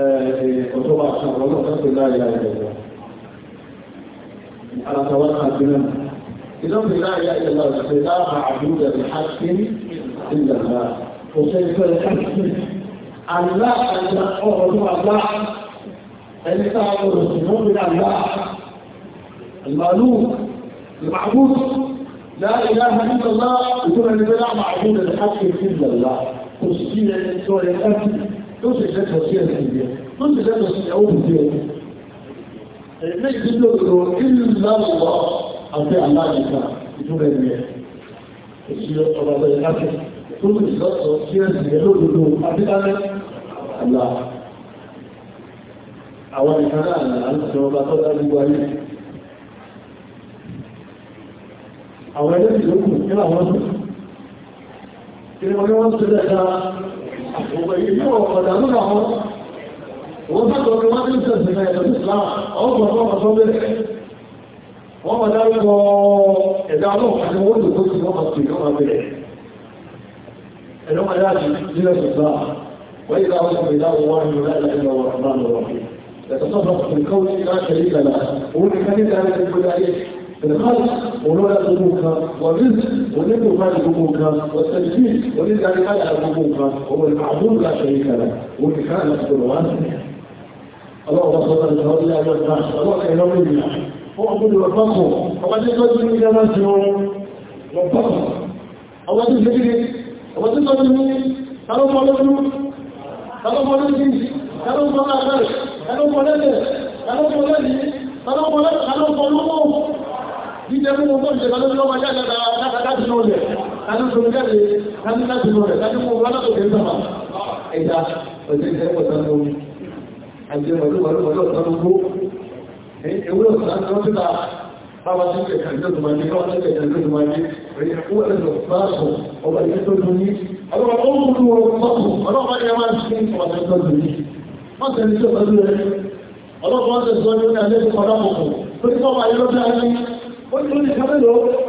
وتوبة عشان الله تقول لا إله إلا الله على توقع بمن إذا لا إله إلا الله لا معبود بحق إلا الله وسيف الحكم لا أن تقوم الله أن تعبد الصنوم إلى الله المألوف المعبود لا إله إلا الله يقول أن لا معبود بحق إلا الله تسجيل سورة ló sì lẹ́tọ̀ sí ẹ̀sìn ìyẹn ló sì lẹ́tọ̀ sí ìyàwó òbí ẹ̀ ẹ̀mí ìdílógoro ìlú láwùwọ́ àti aláàjìká ìdúró ẹ̀mí ẹ̀ èsì ọba bẹ̀rẹ̀ láti tó sì lọ́tọ̀ sí ẹ̀sìn ìyẹn lódodo abíkálẹ̀ àlà àwọn ìkan àlà àti ọba tó dá gbogbo ayé àwọn ẹlẹ́sìn lókùn nílà wọn tó kí ni wọ́n ní wọ́n tó dẹ̀ dáa Wọ́n bá tọ́jú wọ́n ní ṣẹ̀sì náà ẹ̀lọ́dí ìsìláà, ọgbọ̀n ọmọ ọmọ bẹ̀rẹ̀. Wọ́n bá dárí lọ ẹ̀dá náà àti wọ́n lè tó sí ọmọ sí ọmọ bẹ̀rẹ̀. Ẹ̀lọ́mọ̀ láti jílẹ̀ ìsìláà, wọ́n yìí láwọn ọmọ ìdáwọ̀ wọ́n ní láìláìlọ́wọ́ ọ̀rọ̀ náà lọ́wọ́. Ẹ̀tọ́sọ́fọ́ الخلق ولولا ذنوبك والرزق والنبي مال ذنوبك والتنفيذ ولذلك على ذنوبك هو المعبود لا شريك له والكفاءة الصلوات اللهم صل على رسول الله اللهم صل على رسول الله واعبد ربكم فقد يقدم الى مسجد ربكم الله تفكر الله تقدم قالوا قالوا قالوا قالوا قالوا قالوا قالوا قالوا قالوا قالوا قالوا قالوا قالوا قالوا jíjẹ mú gbogbo ìjẹta lórí ọmọ jáde láti ló rẹ̀ láti ló jáde láti ló rẹ̀ láti fún ọmọ látòkè sọ́mà ẹja ọ̀sẹ̀ ìṣẹ́ ìwọ̀sán ló àjẹ pẹ̀lú pẹ̀lú pẹ̀lú ọ̀sán ló ewúrẹ́ ọ̀sán ló ti ta báwa tí kẹ̀kẹ́ ìjọ tó máa ní báwa tí kẹ̀kẹ́ ìjọ tó máa ní ẹ̀yẹ fún ẹ̀lọ́ báàbò ọba ìjọ tó ló ní àwọn ọmọ òun ló wọ́n mọ́kù ọlọ́pàá ni a máa ń ṣe ọ̀sán tó ló ní wọ́n tẹ̀lé ìjọ pẹ̀lú rẹ̀ ọlọ́pàá ń tẹ̀síwájú ní alẹ́ ìkọ̀dá mọ̀kù torí kọ́ ó ní orí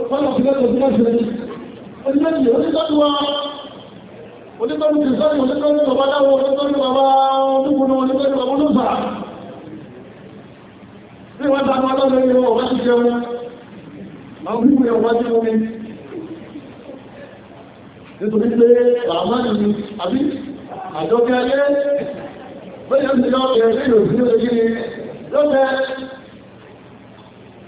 fọ́nà fi lẹ́tọ̀ọ́ sí mẹ́sẹ̀ ní onímẹ́jì onítọ́júwa onítọ́jú ìṣẹ́lẹ̀ onítọ́jú bàbá onítọ́jú bàbá onígbóná onítọ́jú bàbá olóòsà nítorí pé bàbá nìyí àbí àjọkẹ́ ayé bẹ́ẹ̀ ni ó ti lọ́ọ̀kẹ́ lẹ́yìn òsì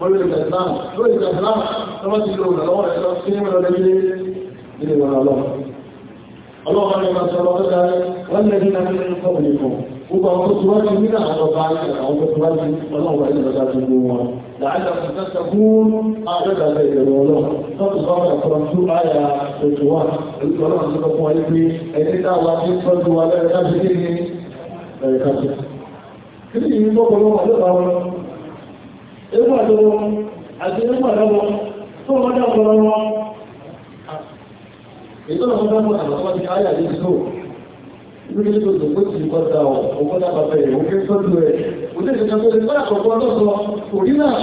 lórí ìgbà ìsìlámù lórí ìgbà ìsìlámù tó bá ti lo ìrànlọ́wọ́ rẹ̀ lọ sí ìmọ̀ lọ́dẹ́ ilé ilé wọn lọ. ọlọ́wọ́ ni wọ́n sọ lọ́wọ́ dáre wọ́n lè ní láti ní kọ́ òní kan gbogbo àwọn tó ti wájú nígbà àwọn ọba àwọn tó ti wájú ọlọ́wọ́ ilé lọ́dá tó gbó wọn. làálà ti tẹ́tẹ́ fún àgbẹ̀dàgbẹ̀ ìbẹ̀rù ọlọ́run tó ti sọ́wọ́ ẹ̀kọ́ tó àyà ètò wa èyí tó ọlọ́run tó fún wáyé pé ẹni táwa ti tọ́jú wa lẹ́yìn láti kí ni ẹ̀ka tó. kí ni ìyí tó kọ́ lọ́wọ́ ọlọ́run ẹgbà tó wọn àti ẹgbà lọ́wọ́ tó wọ́n dàpọ̀ lọ́wọ́ ètò àwọn ọmọ àwọn ti ayà ní ìṣó lórí ètò ìdòkó ti kọ́ da ọ̀ ọgbọ́n dàpọ̀ bẹ̀rẹ̀ ó kẹ́ sọ́dù ẹ̀ kò sí ìṣẹ́jọ́ tó lè bá àkọ́kọ́ lọ́sọ kò rí náà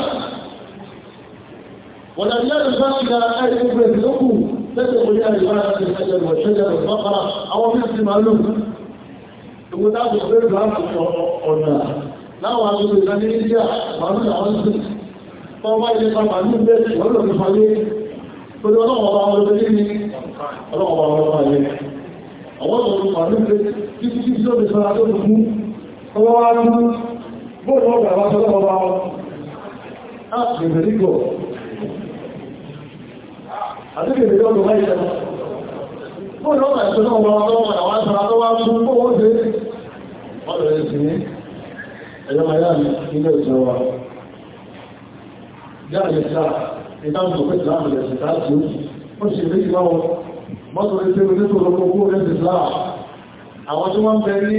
wọ́n dàbí láti bá ń da ayé gbogbo ẹ̀ lókù lẹ́sẹ̀ kò ní àyíká àti ìṣẹ́jọ́ ìwọ̀ṣẹ́jọ́ láwọn aṣojú ìdájẹ́ India màálù làwọn sì tó bá ilé pa màálù bẹ́ẹ̀ wọ́n lò ní falẹ́ torí ọlọ́wọ́ bá wọn lọ́dẹ́ ní ọlọ́wọ́ bá wọn lọ́dẹ́ àwọn ọ̀dọ́ màálù bẹ́ẹ̀ títí tí ó lè sọ́ra tó fún ọwọ́ wá rú bóòlù ọgbà wá sọ́lọ́wọ́ bá wọn láti bẹ̀rẹ̀ nígbọ̀ àti bẹ̀rẹ̀ lọ́dọ̀ láì sọ́ra bóòlù ọgbà ìṣọ́lọ́wọ́ bá wọn lọ́wọ́ àwọn àṣà ẹ̀yọ́ máa yára ilé ìjọ wa yára lè sá ìdáhùn tó pẹ́ ìsìláàmù lè sì dáa tó ó sì rí ìwá wọn mọ́tò lè tẹ́lẹ̀ tó lọ́pọ̀ owó lè sì láà àwọn tí wọ́n bẹ ní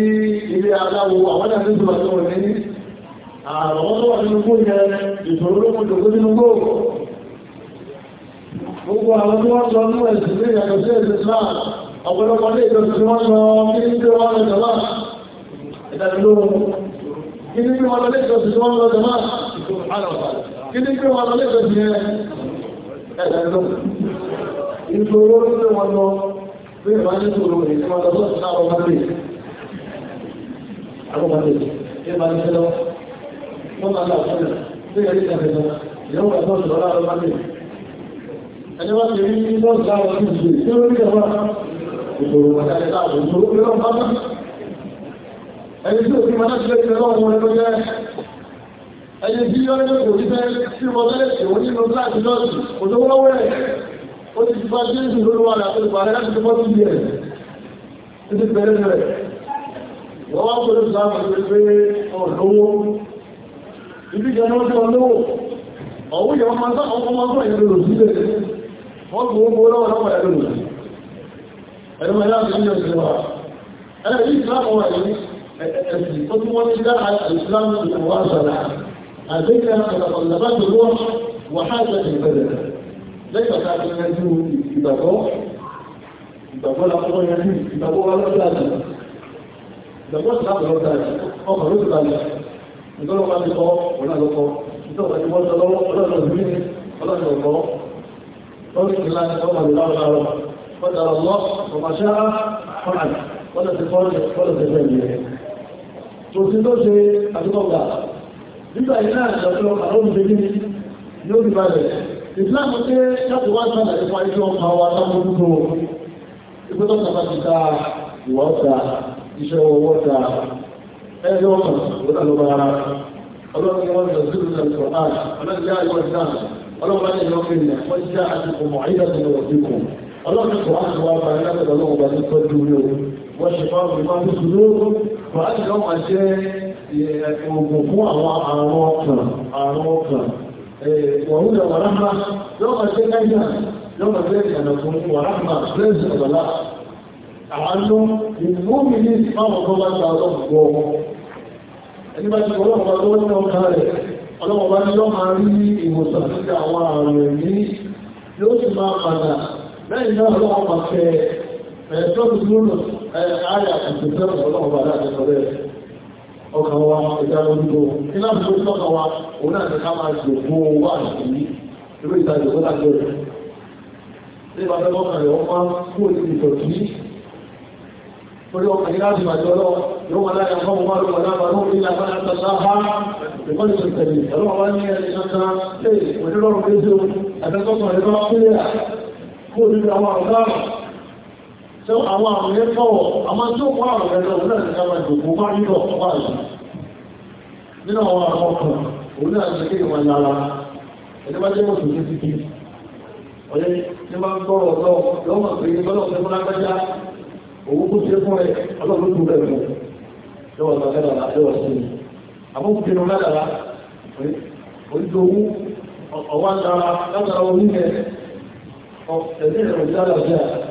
ilé aláwo àwọn dàbí ìjọba tó wọ̀ ní àwọn tó wà nínú gbó yẹn ìṣòro ló kún jòkó nínú gbó gbogbo àwọn tí wọ́n sọ nínú ẹ̀sìn ní ìyàtọ̀ sí ẹ̀sìn Islam ọ̀pọ̀lọpọ̀ ní ìjọsìn tí wọ́n sọ kí ní tí kí ní pé wọn lọ lẹ́jọ́ sí wọn lọ jọmọ́ kí ní pé wọn lọ lẹ́jọ́ sí ẹ ẹ̀ẹ́dẹ́gbẹ́ ìṣòro ní pé wọn lọ pé ìwà ní ìṣòro rẹ̀ tí wọn lọ sọ́ọ̀tún náà wọn lè àkọ́kọ́ lè ṣe máa ń ṣẹlọ wọn máa lọ sọ́nà tí ẹ̀rí ìṣàkẹ́sọ ìyẹn wọn lọ sọ́ọ̀tún náà wọn lè ẹni wọ́n ti rí bọ́ọ̀sì láwọn ọdún ìṣòro tí ẹni tí òfin máa ṣe ṣe lọ́wọ́ ẹ̀rọ jẹ́ ẹni tí yọ ní kò ní fẹ́ sí wọn lẹ́lẹ̀ tí wọ́n nínú láti lọ́ọ̀tì kò tó wọ́wọ́ ẹ̀ ó ti ti bá jésù lórí wa láti lè parẹ́ láti mọ́ sí ẹ̀ títí bẹ̀rẹ̀ rẹ̀ wọ́n wá pẹ̀lú sáàmù pé pé ọ̀lọ́wọ́ ibi jẹ́ ní wọ́n kò wọ́n lọ́wọ́ lọ́wọ́ ẹ̀rọ ẹ̀rọ ẹ̀rọ ẹ̀rọ ẹ̀rọ ẹ̀rọ ẹ̀rọ ẹ̀rọ ẹ̀rọ ẹ̀rọ ẹ̀rọ ẹ̀rọ ẹ̀rọ ẹ̀rọ ẹ̀rọ ẹ̀sìn tó tí wọ́n ti dá àìsàn ìwà sọ̀rọ̀ àdéhùn àtàlàbàtò lọ́wọ́ wàhálà ìbẹ̀rẹ̀ lẹ́yìn ọ̀tá tó yẹn ju ìgbàgbọ́ ìgbàgbọ́ làkọ́kọ́ yẹn ju ìgbàgbọ́ wa lọ́dọ̀ àjẹ́ ìgbàgbọ́ sàbọ̀ lọ́dọ̀ àjẹ́ ọkọ̀ ló ti balẹ̀ ìgbàgbọ́ wa ti kọ́ ọ̀nà lọ́kọ́ ìgbàgbọ́ ti wọ́n sọ lọ́wọ́ ọlọ́dọ̀ ìlú ọlọ́dọ̀ ọ̀kọ́ lọ́dọ̀ ìlú láti kọ́ ọ̀nà lọ́wọ́ قدر الله وما شاء فعل ولا تقال ولا تزين tòsí ló ṣe àdúgbà nígbà iná àjọjọ àwọn olùgbé yóò ti balẹ̀ islam pé láti wá sáà láti fa iṣẹ́ ọmọ wa sáwọn olùgbò ìgbé tó kàbá ti ta ìwà ọ̀ta iṣẹ́ owó ọ̀ta ẹgbẹ́ ọmọ olùgbà ara ọlọ́run wọn lọ sí ìlú ìlú ọ̀hán ọlọ́run yá ìwọ̀n náà ọlọ́run láti lọ fi ilẹ̀ wọ́n já àtìkù mọ̀ ayílẹ̀ tó lọ sí kù ọlọ́run kò wá sí wa bàrẹ́ láti lọ́wọ́ bá ti tọ́jú rí o wọ́n ṣe fáwọn ìfáwọn Kùránì ló máa jẹ́ oògùn fún àwọn àrùn ọkàn, àrùn ọkàn. Wọ̀rúdà wàrámà ló máa jẹ́ káyà, ló máa jẹ́ ìyànà fún wàrámà lẹ́sìn ọ̀bàlá. Àánú ìmúmi ní ìfáwọn tó bá ta ọlọ́gbọ̀ ọmọ. Ẹni bá ti ọlọ́gbà tó ní ọkà rẹ̀, ọlọ́gbà ní lọ́ máa rí ìwòsàn sí àwọn àrùn ẹ̀mí yóò sì máa padà lẹ́yìn náà lọ́wọ́ máa fẹ́ ẹ̀ẹ́dọ́ ti lónà ààrẹ àtìsẹ̀ tẹ́lẹ̀ ọlọ́run bá láti sọ̀rọ̀ ẹ̀ ọkàn wa ìjà lóńgbò iná tó ń tọ́ka wa òun náà ti ká máa ṣe fún owó àti ìlú ìtajà tó láti rẹ̀ nípa pé ọkàn rẹ̀ wọ́n máa ń kú òní ìtọ̀tí orí ọkàn yìí láti máa jọlọ yóò wọn láyà fọ́ọ̀mù máa lọ́wọ́ lábàá ló ní ìlànà àtàṣà bá ìkọ́ ní sọ̀tẹ̀lì ẹ̀rọ wọn ní ẹni kankan lè òní lọ́rùn méjì àtẹ́kọ̀ọ́ tó àwọn àrùn yẹn fọ́wọ̀ àmá tó kọ́ àrùn ẹ̀lọ náà ní àwọn ìgbòkó bá nílò ọ̀pá yìí nínú àwọn àwọn ọkùn òun náà ṣe kí ìwọ̀n lára ẹni bá jẹ́ mọ̀tò tó ti kí ọ̀yẹ́ ní máa ń gbọ́rọ̀ lọ lọ́mọ̀ pé ní bọ́lọ̀ fẹ́ fún agbájá owó tó ṣe fún ẹ ọlọ́run tó rẹ̀ fún lọ́wọ́ tó kẹ́lá lọ́wọ́ sí i àmọ́ kò pinnu ládàá oríṣi owó ọ̀wá dára látara onílẹ̀ ọ̀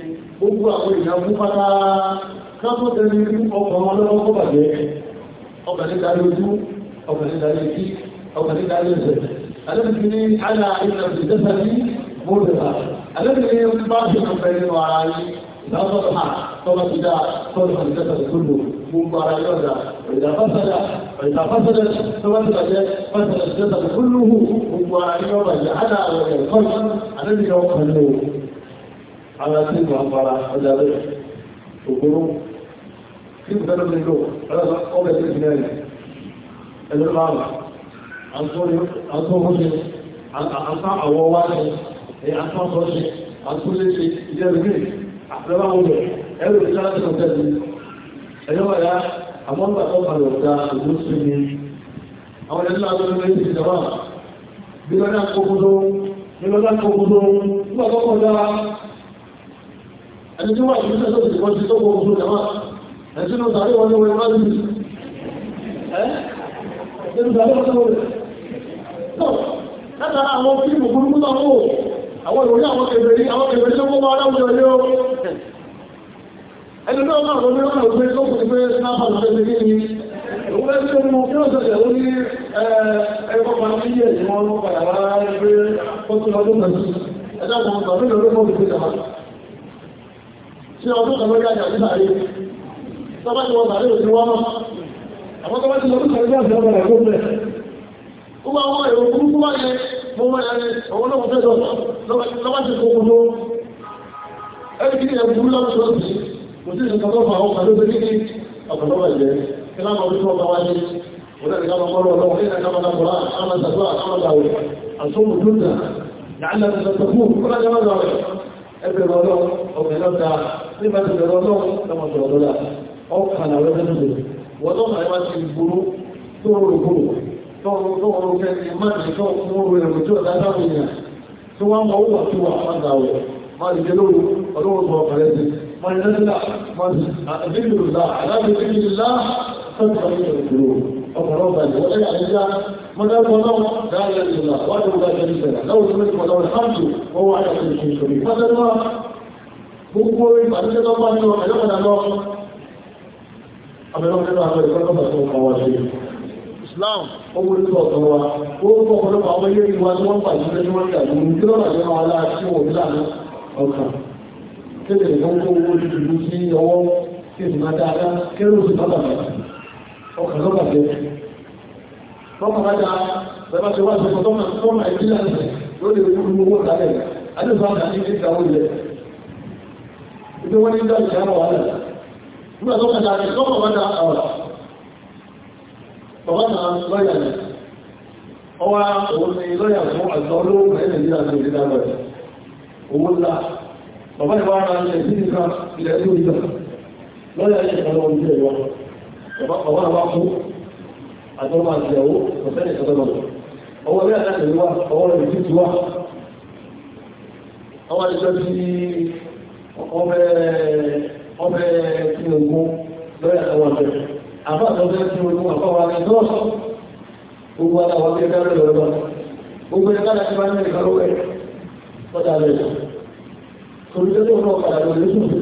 gbogbo àwọn ìyàwó pátá lọ́tọ́ tẹ́lẹ̀ ní ọkọ̀ wọn lọ́wọ́ kọ́ bàjẹ́ ọkọ̀ ní darí ojú ọkọ̀ ní darí etí ọkọ̀ ní darí ẹsẹ̀ alẹ́bìtì ní àyà ìlànà ìjẹta ní mọ́lẹ̀lá alẹ́bìtì ní orí bá ṣe kàn bẹ̀rẹ̀ nínú ara yìí ìdáwọ́ ha tọ́lá ti dá tọ́lá ti dá tọ́lá gbogbo gbogbo ara yóò dá ìdàfásádà ìdàfásádà tọ́lá ti bàjẹ́ fásádà ti dá tọ́lá gbogbo ara yóò bàjẹ́ àdá àwọn tí wọ́n fara ọjà lẹ́yìn ògbóró tí kò fẹ́rẹ́ lẹ́yìn lọ ọbẹ̀ tí ìpínlẹ̀ rẹ̀ ẹ̀lọ́ láàrùn àtúnwọ́n ṣe àtúnwọ́n àwọ̀ wá ṣe àtúnwọ́n sọ ṣe àtúnlé ṣe ìjẹ́ ìgbé àpẹẹrẹ àwọn ọmọ ẹ̀rọ ìjọba ti sọ tẹ́lẹ̀ ẹ̀yọ́ wà yá àwọn ọmọ àtọ́kàlẹ̀ ẹni tí wà ní ìlú tó ti wọ́n ti tó wọ́n ẹni tí wọ́n sáré wọn ní wọn máa ń ẹ́ ẹni sáré wọn ní wọn tó látara àwọn fíìmù burúkú náà wò àwọn ìròyìn àwọn kèbèrè àwọn kèbèrè tó kọ́kọ́ aláwùjọ ṣe ọdún kan lórí àjà nígbà rí tọ́bá ti wọ́n bàrí òsì wọ́n mọ́ àwọn tọ́bá ti lọ́dún kan lórí àjà ọ̀rọ̀ ẹ̀kọ́ bẹ̀ ó máa wọ́n èrò burúkú wá yẹ mo mọ ẹ̀rẹ́ ọ̀wọ́n náà fẹ́ lọ lọ́wọ́ ti kó kó ló ẹni kí ni ẹ̀rù burú lọ́wọ́ tó ti kò sí ìṣẹ̀kọ́ lọ́fà àwọn kan ló fẹ́ kí ọ̀pọ̀lọpọ̀ ẹ̀jẹ̀ kí láwọn ọdún tó bá wá ní ولكن كما قال الله إنا كما نقول أما تسواء أما داوي أصوم الجنة لعلنا تتقون ولا nígbà tó lọ́rọ̀ lọ́wọ́ lọ́mọ jọ lọ́la ọkàn àwọn ẹgbẹ́ lọ́dọ̀ wọ́n tó máa ti burú tó rò burú tó rò fẹ́ ti má ti tó mú rẹ̀ tó dáadáa èèyàn tó wá mọ owó àti wà fún àgbà rẹ̀ má ti jẹ́ lóru ọlọ́wọ́ tó ọkàn rẹ̀ ti má ti lẹ́sílà má ti àbílùlá alábìlélá tó ń sọ ní ìlú ọkùnrin ọba ìwọ́n ẹ̀yà ẹ̀yà مدام ونوم لا اله الا الله وحده لا شريك له له الملك وله الحمد وهو على كل شيء قدير فضل الله gbogbo ìpàdé tó bá ní ọmọ ẹ̀lọ́pàá lọ abẹ́lọ́pàá lọ ìpàdé tó kọ wá sí Islam ọmọ orí ọ̀tọ̀ wa ó ń kọ́ ọ̀pọ̀lọpọ̀ àwọn ilé ìwà tí wọ́n ń pàdé lẹ́nu wọn ìgbà ní kí lọ́nà àwọn aláàtí wọn ní láàrín ọkàn kéde ìwọ́n kó owó ní ìlú sí ọwọ́ kí èsì máa dáadáa kéré òsì bá bàbá ọkàn ló bàjẹ́ lọ́kàn bá dáa bẹ́ẹ̀ bá ṣe wá ṣe kọ́ tọ́mà ìdílé àti lórí ìlú owó ìdálẹ̀ àdéhùn àti ìdílé ìdáwó ilẹ̀ tí wọ́n ní dájú ìyá wà lẹ̀ nígbà tó kẹta rẹ̀ tó bàbá náà ọ̀rọ̀ bàbá náà lọ́yà rẹ̀ ọwá òun ni lọ́yà fún àjọ olóògùn ẹ̀ nàìjíríà ní ìdílé rẹ̀ owó ńlá bàbá ìwà ara ilẹ̀ sí nìkan ilẹ̀ sí òjò lọ́yà ilẹ̀ ìkàlọ́ ojú ẹ̀ wọn bàbá àwa kú àjọ máa ti ẹ̀wọ́ ọ̀sẹ̀ ìkàtọ́ lọ ọwọ́ ọwọ́ rẹ̀ ọbẹ̀ tí ogun lọ́yà àwọn ọ̀fẹ́ àbáàtọ̀ bẹ́ẹ̀ tí ogun àpáwà ní lọ́sọ̀ gbogbo aláwọ̀ bí ẹgbẹ́ rẹ̀ lọ́wọ́ gbogbo ẹgbẹ́ láti bá ní ìkọlọ́wẹ́ lọ́dà rẹ̀ torí tó tó náà padà lórí ní sùn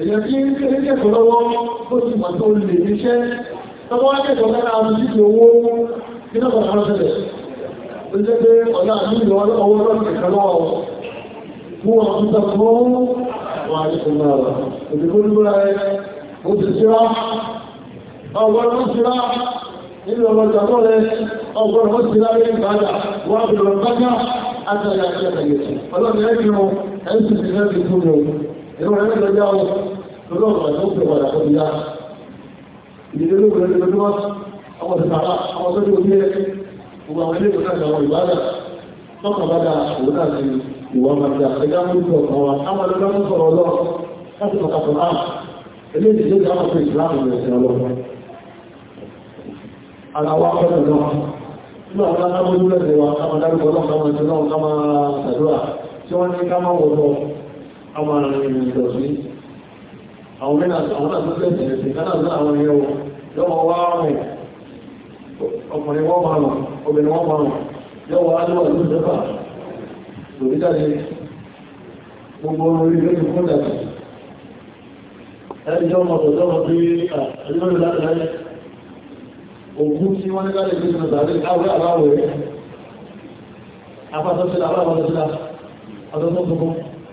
èyàn tí ń kéré kẹ́kọ̀ọ́ lọ́wọ́ tó ti mọ̀ tó lè níṣẹ́ tọ́wọ́ kẹ́kọ̀ọ́ lára àwọn títí owó nínú ọ̀nà ọ̀sẹ̀lẹ̀ tó jẹ́ pé ọ̀nà àdúgbò ọwọ́ lọ́nà ìkọlọ́ mú ọdún tó fún wà ní ìṣẹ̀lẹ̀ ọ̀rọ̀ òdìbò ní bọ́lá rẹ̀ ó ti síra ọgbọ́n ó síra nínú ọmọ ìjọba rẹ̀ ọgbọ́n ó síra rẹ̀ ẹ̀rọ ẹ̀rọ lọ yá ọ lọ́wọ́ tó pè wọ́n àkọ́bí yá ìdílé ló bẹ̀rẹ̀ lọ́jọ́ àwọn ti bàbá àwọn tó ní orí ẹ̀ gbogbo àwọn ilé ìwòsàn àwọn ìbádà tọ́kàn bá da òun àti ìwà màdà ẹ̀dá mú ìjọ kan wa àwọn ọlọ́dọ́ ń sọ̀rọ̀ lọ láti pàtà àwọn ènìyàn sí àwọn mẹ́nà àwọn àtúnṣe ìṣẹ̀lẹ̀ sí kánà sí àwọn ẹyẹ wọn lọ́wọ́ wá rìn ọkùnrin wọ́n máa mọ̀ obìnrin wọ́n máa mọ̀ lọ́wọ́ wá lọ́wọ́ ìlú ìjọba lórí jáde gbogbo orí lórí fún ìdàgbà ẹjọ́ mọ̀tò lọ́wọ́ bí àdúgbò láti ògùn tí wọ́n ní láti fi ṣe tàbí káwé aláwọ̀ rẹ̀ afásọ́sílá aláwọ̀ sílá ọdún tó gbogbo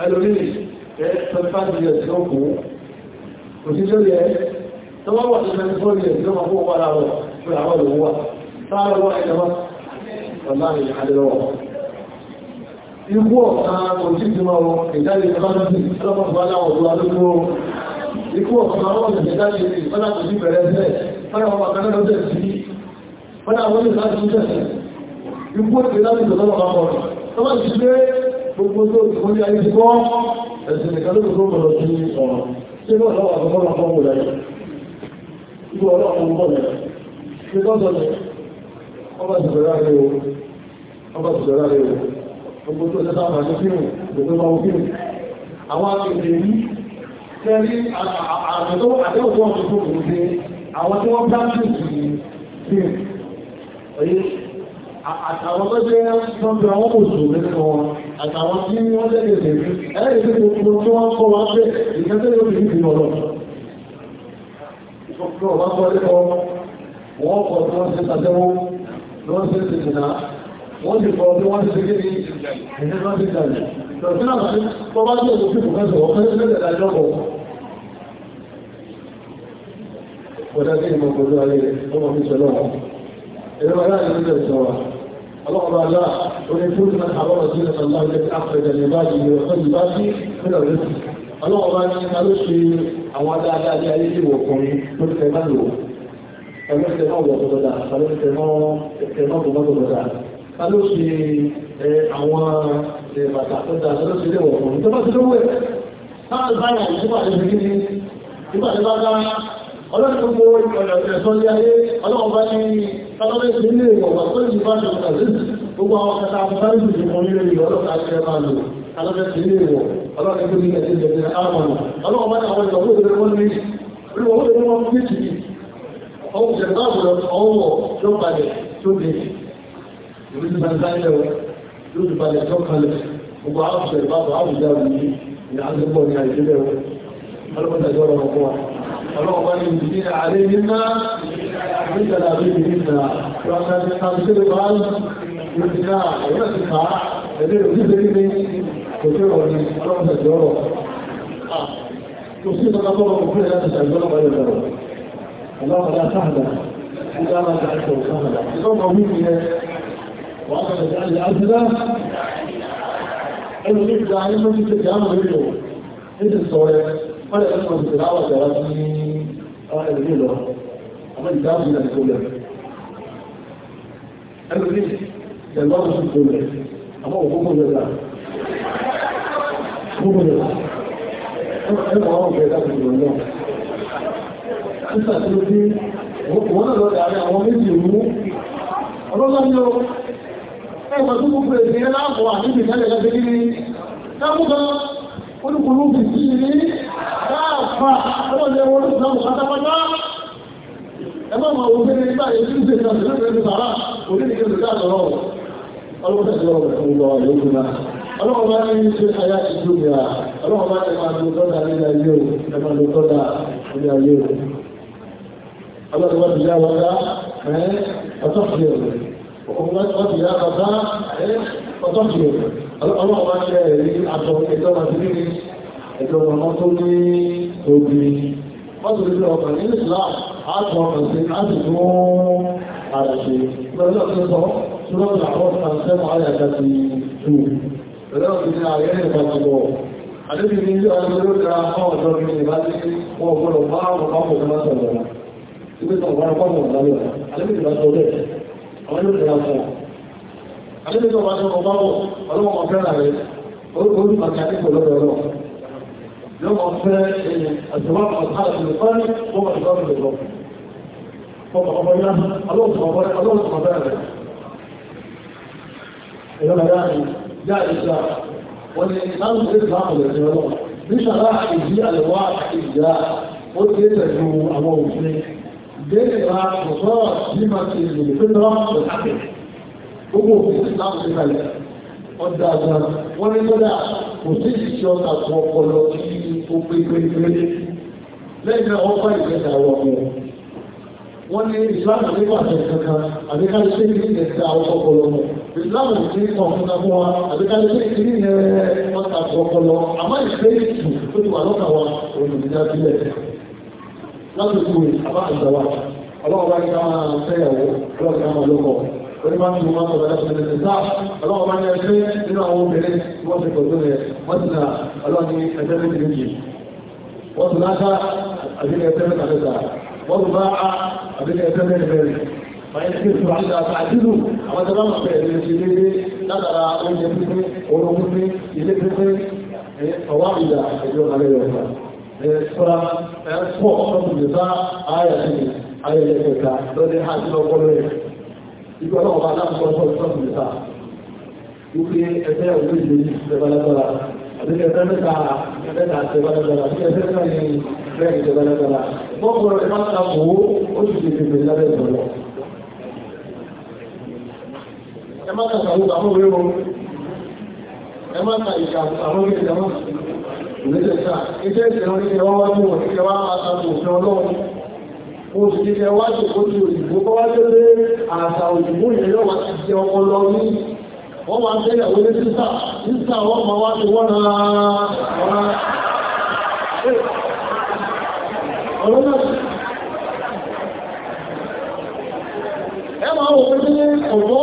Ẹlòmírì, ẹ́ 25 years ló kùn kò sí lórí ẹ tó wọ́n wà ní ẹni fún ilẹ̀ tó máa fún wà láwọ̀ fún àwọn ìlú wà sáàrọ̀ wà ìjọba ọ̀nà ìhàdẹ̀wọ̀ ikú ọ̀kan kò sí ti máa wọ ìjáde ìbánisí ọlọ́pàá fún aláwọ̀ tó wà lójú oòrùn ikú ọ̀kan ọlọ́pàá ìjáde ìfọ́nà kò sí bẹ̀rẹ̀ bẹ́ẹ̀ fọ́nà ọmọ kan náà lọ́jọ́ sí fọ́nà àwọn ìlú láti jẹ́ ikú ọ̀kan láti ìjọba ọmọ tọ́wọ́ ti gbé gbogbo tó ṣe lọ́wọ́ lọ́wọ́ àgbọ́n máa fọ́n wòlẹ̀ ìlú ọlọ́run ń bọ̀lẹ̀ ṣe lọ́dọ̀ ni ọba ìṣẹ̀lẹ̀ rẹ̀ o ọba ìṣẹ̀lẹ̀ rẹ̀ o gbogbo tó ṣe sáwọn àti fíìmù gbogbo máa wọ́n fíìmù àwọn akéde yìí tẹ́rí àtẹ̀tọ́ àtẹ́wò tó wọ́n fi fún òun pé àwọn tí wọ́n bá ń tù sí fíìmù ọ̀yẹ́ àtàwọn tó jẹ́ tó àtàwọn tí wọ́n jẹ́gẹ̀ lèrí ẹ̀rẹ́ ìgbẹ́ gbogbo tí wọ́n kọ́ wá pé ìgbẹ́sẹ̀ yóò fi ọ̀rọ̀ wọ́n kọ́ lẹ́kọ́ wọ́n kọ́ tí wọ́n ṣe tàjẹ́wọ́ lọ́n ṣe ṣe ṣìnà wọ́n ti kọ́ bí wọ́n ṣe gẹ́gẹ́ ìdí lọ́n ṣe tàjẹ́ lọ́sílà tó bá jẹ́ òkú fòkẹ́sọ̀ wọ́n fẹ́ lẹ́lẹ̀ lájọ́ kọ̀ Ọjọ́ kí الله لا ونكون من حرم زينة الله التي أخرج لعباده وطيباته من الرزق الله ọba ní alóṣe àwọn adáadáa ní ayé ìwọ̀ ọkùnrin ló ti tẹ̀mọ́ lò ẹ̀mọ́ àwọn bàtà tọ̀dà tó bá ti lówó ẹ̀ ayé ọlọ́run ní Tọ́lọ́lẹ́ ti ní ìwọ̀n tó ti bá ṣe tàbí gbogbo àwọn kẹta àbúrẹ́sì ti mọ nílé ìwọ̀n ọlọ́ta ṣe máa lò. Tọ́lọ́lẹ́ ti ní ìwọ̀n ọlọ́ta tó ní ẹ̀sìn ìjẹ̀sìn àmọ̀nà. Ọlọ́wọ́ bá àwọn ìjọba òṣèré wọ́n ní ìwọ̀n òṣèré wọ́n ní ìtìkì. Ọwọ́ ìjẹ̀sìn àbúrẹ́ ọwọ́ tó balẹ̀ tó dé. Ìlú ti bá ń sáré ẹ̀wọ̀ ló ti balẹ̀ tó ọlọ́ọ̀bá ní ìdílé àárẹ̀ nínú nígbàdà bí i nígbà rọ́nà ti ta bí sílẹ̀ máa ń lòdì náà ẹ̀yọ́ ti fà á ẹ̀dẹ́ òjúṣe nílé kò tí ọ̀rọ̀ ní ọlọ́ọ̀bá ti ọ̀rọ̀ kò sí ìtọ́ka tó rọrùn fún ẹ̀yà ti ṣàgbọ́n ọ̀rọ̀ ẹ̀rọ ọlọ́ọ̀bá dá sáàdà nígbà máa dá ẹ̀kọ́ sáàdà ìtọ́ka wí ni ẹ wọ́n kọ̀ ẹ̀dá ilẹ̀ àjúdá ẹnu ní ìgbà ayé ló ti ṣe ìdáhùn rẹ̀ wọ́n lè fún ọ̀sẹ̀ láwọ̀ ìjọba tí ní ọ̀rọ̀ lọ àwọn ìdáhùn ìlànà tó lẹ̀ ẹ̀rọ ní ìjọba oṣù tó lẹ̀ àwọn òkúkú lẹ̀ là kúrò lẹ̀ ẹ̀rọ àwọn àwọn méjì mú ọlọ́lá ní ọ ẹgbẹ̀ àfá ọlọ́dẹ wọn ní ìsìlámù pátápátá ẹgbẹ́ ọmọ òun ní ìgbà yẹn tí ń ṣe ìsìlámù lẹ́gbẹ̀ẹ́ ní bàrá òní ní ìgbà lọ́rọ̀ ọlọ́dẹ ti lọ́rọ̀ ẹ̀kọ́ lọ ìlú náà ọlọ́wọ́ bá ní ṣe àyà ìlú mi à ọlọ́wọ́ bá ní máa lo tọ́jà nílẹ̀ ayé o ẹ máa lo tọ́jà nílẹ̀ ayé o ọlọ́dẹ wá ti yá ọmọ tó ní obìnrin mọ́sílẹ̀ ọmọ ní islam àtọ̀ ọ̀sẹ̀ láti fún àṣẹ pẹ̀lú ọ̀sẹ̀ sọ ṣúlọ́nà àwọn àṣẹ́mọ̀ àyàkà ti tù pẹ̀lú ọ̀sẹ̀ ní ààrẹ ìpàdàbọ̀ àdébìnrin ilé ọdún ló ká ọ̀dọ́ mi ní láti wọ́n gbọ́dọ̀ bá àwọn pápọ̀ tó máa sọ̀rọ̀ ilé tó wọ́n pápọ̀ lálẹ́ àdébìnrin bá sọ bẹ́ẹ̀ àwọn ilé ìlà fún àdébìnrin tó wọ́n sọ نوع أسباب الحالة الثانية هو أسباب الإضافة طبعا الله سبحانه الله سبحانه إنما يعني جائزة والإنسان غير عقل الجواب بشرائع هي الواقع الجاء وتتجه أبوه جرى مصار بما في الفطرة والحقيقة وهو في الإسلام في ملك ọ̀dà àgbà wọ́n ní lọ́dà kò sí ìṣiṣẹ́ ọ̀tà tó ọpọlọ kí o pé pérépéré lẹ́yìn náà wọ́n bá wọ̀ mọ́ wọ́n ní islam nípa àtẹ̀yìn kankan àbíkájú sí ní ìgbésà ọpọlọ mọ́ islam ní ọ̀fúnná fún wa àbíkájú sí ní ìrìn ọ̀tà tó ọpọlọ àmọ́ ìgbé ìtù tó ti wà lọ́kà wa olùdíjà sílẹ̀ lásìkò àbá àgbà wa ọlọ́run bá ní onímọ̀tò ni wọ́n sọ̀rọ̀ lọ́sọ̀rọ̀ lẹ́sẹ̀ sáà ọlọ́wọ́ máa ń yẹ pé nínú àwọn obìnrin wọ́n ti pọ̀ tó rẹ̀ wọ́n ti nà ọlọ́ni ẹgbẹ́ méjì méjì wọ́n ti náà àbílẹ̀ ẹgbẹ́ mẹ́ta mẹ́ta wọ́n ti bá a àbílẹ̀ ẹgbẹ́ mẹ́rin mẹ́rin báyìí tí ìṣòro àti àti àdúrú àwọn tó bá mọ̀ pé ẹ̀rẹ́ ṣe léde látara oúnjẹ pínpín oorun pínpín ilé pínpín ọwọ́ ìyà ẹjọ́ alẹ́ rẹ̀ fà ẹ̀sọ́ra ẹ̀sọ́ ọ̀pọ̀ ìgbésà ayẹyẹ ẹ̀ka lọ́dẹ àti ọpọlọ rẹ̀ ìgbà náà wà láti sọ́jọ́ ìṣọ́nù ìta wípé ẹgbẹ́ òwe ìlú ní ìṣẹ́bálágbára àti ẹgbẹ́ mẹ́ta ẹgbẹ́ta ìṣẹ́bálágbára àti ẹgbẹ́ mẹ́ta ní bẹ́ẹ̀ ìṣẹ́bálágbára bọ́ọ̀bù rẹ̀ máa ta kò ó sì ṣe fèfè lábẹ́ ìbọ̀lọ́ ẹ má ta kàwó àwọn òwe wọn ẹ má ta ìkà àwọn òwe ìjọba ìgbésẹ̀ sáà kò sì ṣe wá sí kó ti òyìnbó kó wá tó lé àṣà òyìnbó yẹn lọ wá ti jẹ ọmọ lọ ní wọ́n máa ń tẹ́lẹ̀ wọlé sísà sísà wọ́n máa wá sí wọ́n náà wọ́n ọ̀rọ̀ náà ẹ máa wò pé ní ọ̀gbọ́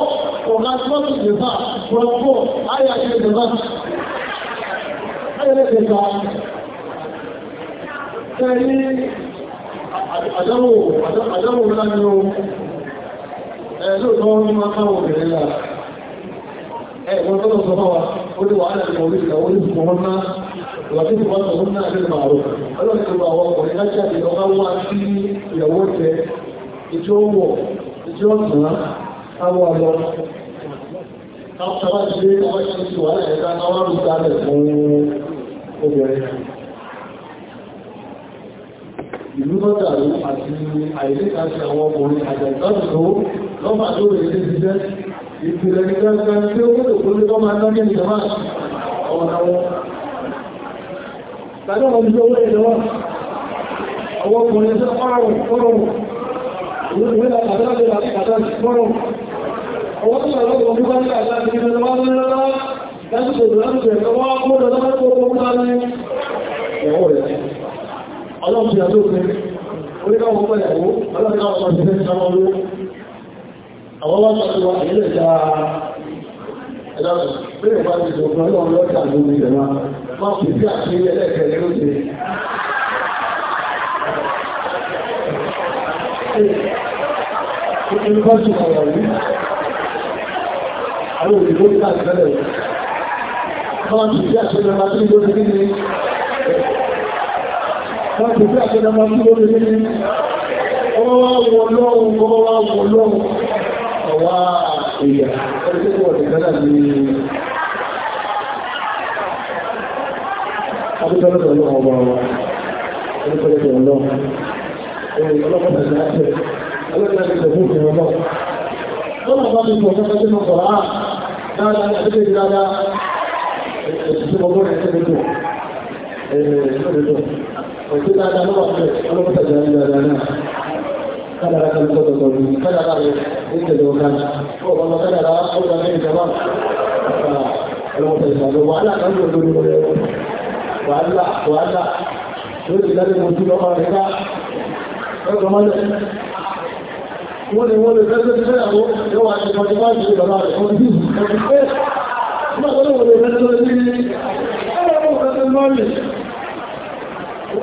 ọ̀gá tíwọ́tì ìjẹta pọ̀lọpọ̀ ayé àti ìjẹta ayé lè tẹ̀ta àdánwò àdánwò láti ohun máa káwọn obìnrin lára ẹ̀gbọ́n tọ́lọ̀ sọ orí ìgbà ní ìgbà wọn náà ìwàtí ìgbà wọn náà wà láìka àwọn àrùn dálẹ̀ fún obìnrin ìlú lọ́dàrí àti àìlẹ́kàṣẹ àwọn ọkùnrin àjẹ̀tọ́sọ̀ lọ́mà tó rẹ̀ ní jíjẹ́ ìpìlẹ̀ gẹ́gẹ́ tí ó kúrò kúrò tó máa lọ́gẹ́ ní jọmá ọ̀nà wọn tàbí ọmọ ìjọ owó ẹ̀lọ́wọ́ ọwọ́ ọkùnrin tó ọrùn ọrùn ìwé àtàlẹ́ àti àtàlẹ́ ọrùn ọwọ́ tó lọ́wọ́ ọdún bá ní àtàlẹ́ ìrìnlọ́wọ́ lọ́lọ́lọ́ láti ṣètò láti ṣètò wọ́n kó lọ́lọ́lọ́ ọlọ́run ti àlóòfin oníkàwọn pẹ̀lẹ̀wó ọlọ́run náà wọ́n ti fẹ́ sọmọ́lú àwọn wọ́n pàtàkì wà ilé ìjà ẹ̀lọ́run pé ìwà ti ṣòkan ọlọ́run lọ́ta lórí ìjọba máa fi sí àti ilé ẹlẹ́ẹ̀kẹ́ lóde Ìgbọ́sùn ọ̀rọ̀ yìí, àwọn òyìnbó ní àti bẹ́rẹ̀ rẹ̀. Kọ́ọ̀tù sí àṣẹ́lẹ̀ máa tí ó ti ní wọ́n ti fẹ́ àjọ́dá máa kí lórí ní ọwọ́ wọlọ́run ọwọ́ wọlọ́run ọwá èyà ẹgbẹ́gbọ́ ìgbẹ́lá ní abúgbẹ́lẹ́gbẹ̀ ọlọ́run ọba wa ẹgbẹ́gbẹ́lẹ́gbẹ̀ ọlọ́run ọlọ́pàá ìgbẹ́lá tẹ́ ọlọ́pàá ìgbẹ́lẹ́gbẹ̀ ọlọ́run ọlọ́pàá ìgbẹ́lẹ́gbẹ̀ ọlọ́run Dáadáa ní àdúgbò ìdáadáa, ẹ̀sùn ọgbọ́n ẹ̀sẹ̀ lẹ́tọ̀ òtún dáadáa ló wà bẹ́ẹ̀ ọlọ́pàá ìjà ní dáadáa náà kádàrá kan tó tọ̀tọ̀ bí kádàrá rẹ̀ ní tẹ̀lé ọ̀gá ó ọmọ kádàrá ó wà ní ìjọba ọlọ́pàá ìjà ló wàhálà kan tó tó lórí ọ̀rẹ́ wàhálà wàhálà yóò ti dáre mojú lọ́wọ́ rẹ̀ ká ọjọ́ mọ́lẹ̀ wọ́n ni wọ́n lè fẹ́sẹ̀ tí fẹ́yàwó yóò wà ní ọjọ́ bá jù bàbá rẹ̀ wọ́n jù ọjọ́ pé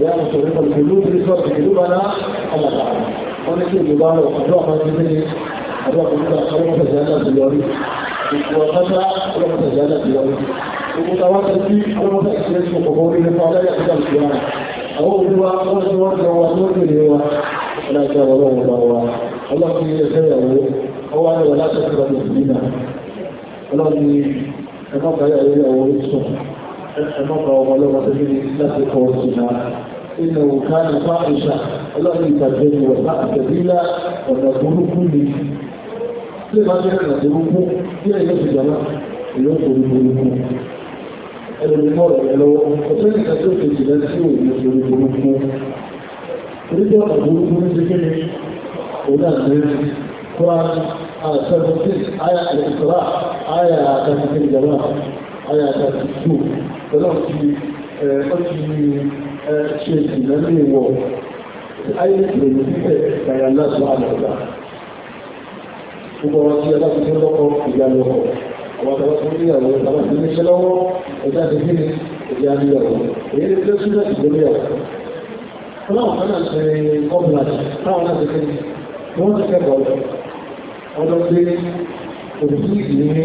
ìyá mùsùlùmí pẹ̀lú ìlú tí sọ ìlú bala ọmọdà wọn ní kí ìlú bá lọ ọjọ́ ọmọ ẹgbẹ́ ní ọjọ́ ọmọdà ọlọ́mọdà ìyáda ti yọrí ìgbò ọ̀tọ́ta ọlọ́mọdà ìyáda ti yọrí ìgbò tàwọn tó kí ọlọ́mọdà ìṣẹ́lẹ̀ ti kọ̀kọ́ orí nípa ọlọ́yà ìlú wa إنه كان فاحشة الذي تجد وساء سبيلا ونظره كله لما جاء نظره إلى يوم الجماعة اليوم نظره ẹlòmíràn ẹ̀lọ́ ọ̀tọ́lẹ̀ ìtàkì òkè ìjìlẹ̀ tí ò ní orí burúkú orílẹ̀ ọ̀pọ̀ burúkú ní síkẹ́lẹ̀ orílẹ̀-èdè kúrán àṣẹ́bùtí àyà ìṣọ́rà àyà àtàkì ìjọba àyà àtàkì 2 pẹ̀lú ọ̀tí ṣe ìṣìnlẹ̀ ní ìwọ̀ ayé ìlú títẹ̀ ìgbàyà náà sọ àlọ́gbà gbogbo ọ̀rọ̀ tí ẹlá ti tẹ́ lọ́kọ̀ ìyá lọ́kọ̀ àwọn ọ̀tọ̀ tó ní òbí ìdí ní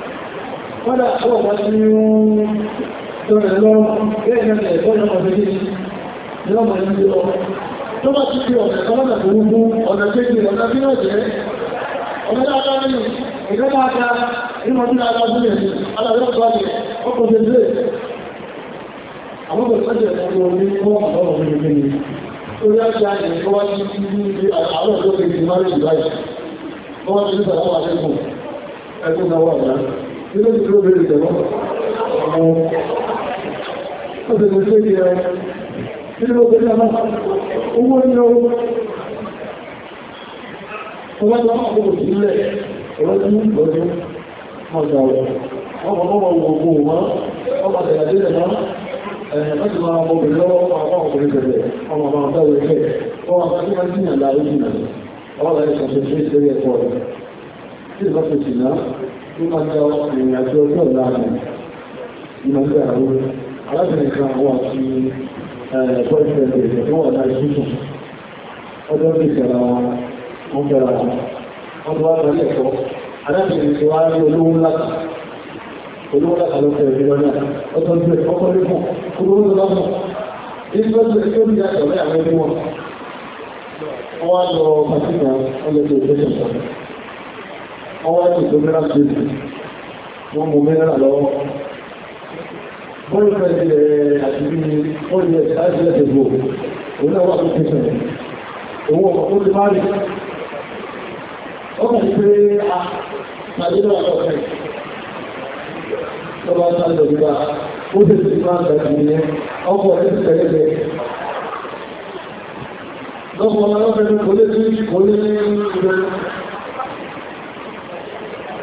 wọ́n dá tó tí ó tó rẹ̀ lọ́rùn ilé ìṣòro bèèrè tẹ̀lọ́ àwọn ọdún ìṣẹ́ ìyẹ ilé ìṣòro bèèrè náà owó ní ọwọ́ ọwọ́dọ́ ọkọ̀ sílẹ̀ ọlọ́dún lọ́dún ọjà ọ̀rọ̀ ọmọ ọmọ ogun ọmọ ọmọ tẹ̀lẹ̀ náà Láti máa ọmọ obìnrin lọ́wọ́ àwọn ọkùnrin tẹ̀lẹ̀, ọmọ àwọn ọ̀dọ́ ìrẹ́lẹ̀, ọmọ àwọn akẹ́kọ̀ọ́ sí àdáyé jìnà, ọwọ́ láti ṣàṣẹ́ sí ìṣẹ́lẹ̀ ẹ̀kọ́ rẹ̀ tí ìbá ṣe jìnà tó máa jẹ́ ìrìn àjò ọjọ́ ọ̀la rẹ̀ àwọn alábìnrin kan àwọn àti bọ́ìfẹ̀ẹ̀dẹ̀ ìjọba wà láì sísun ọjọ́ bí ìṣẹ̀lá wọn bẹ̀rẹ̀ àwọn ọdún wá lọ́lẹ̀ ẹ̀kọ́ alábìnrin tí wá rí olówó ńlá olówó ńlá kan lọ́fẹ̀ẹ́ náà ọjọ́ ọwọ́ tó tó mẹ́rà ṣe wọ́n mú mẹ́rà lọ́wọ́ bọ́ọ̀lù pẹ̀lẹ̀ àti bí bọ́ọ̀lù ẹ̀sáìsìlẹ̀sẹ̀ gbò òun náà wà tó tẹ̀sẹ̀ owó ọkọ̀ tó ti máa rí ọkọ̀ pé a tàbílọ̀ ọ̀fẹ́ tọba sálọ̀ gbígbà ó ti ti máa bẹ̀rẹ̀ ìyẹn ọkọ̀ ẹ̀ ti tẹ̀lé bẹ̀ lọ́pọ̀ ọlọ́fẹ́ kò lè tún kò lè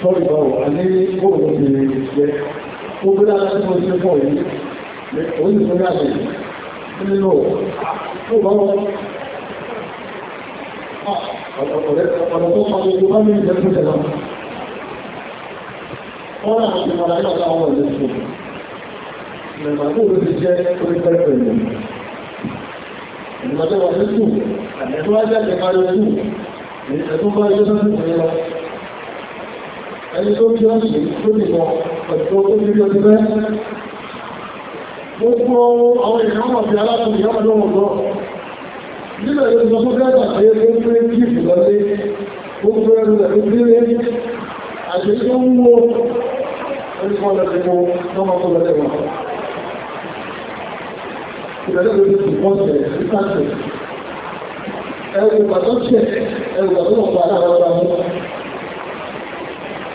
sọ́rọ̀ ìbáwọ̀ alẹ́ bóòrùn ti rẹ̀ ó bí lára tí mo ṣe pọ̀ yìí òun ní sọ́rọ̀ àlẹ́ nínú ọ̀rọ̀ tó pàdé tó bá ní ìjẹ́ tó tẹ̀lá ọ̀rọ̀ àti ọ̀rọ̀ àti àwọn ọ̀rẹ́ tó mẹ̀màgbò ló ti jẹ́ orí pẹ́pẹ́ ìlú ìgbàjọ́ wà ní tù ẹ̀tọ́ ajá kẹfà lójú ẹ̀tọ́ bá yóò ẹni tó bí ọ̀sẹ̀ tó lè mọ̀ ẹ̀tọ́ tó bí ọdún bẹ́ gbogbo àwọn èèyàn wọ̀n fi aláàtùn ìyá ọdún ọ̀gọ́ nílẹ̀ ẹ̀rọ sọ fún bẹ́ẹ̀dà pé ó pé kí ìfìlọ́lé gbogbo ẹrù rẹ̀ tó bí rẹ̀ àti tó ń wo ẹ̀kọ́ lẹ́sẹ̀ mọ́ tọ́mọ́ tó lẹ́sẹ̀ mọ́ ìrẹ̀lẹ́ lórí ìpọ́sẹ̀ ìpàṣẹ̀ ẹrù pàtọ́ṣẹ̀ ẹrù pàtọ́ṣẹ̀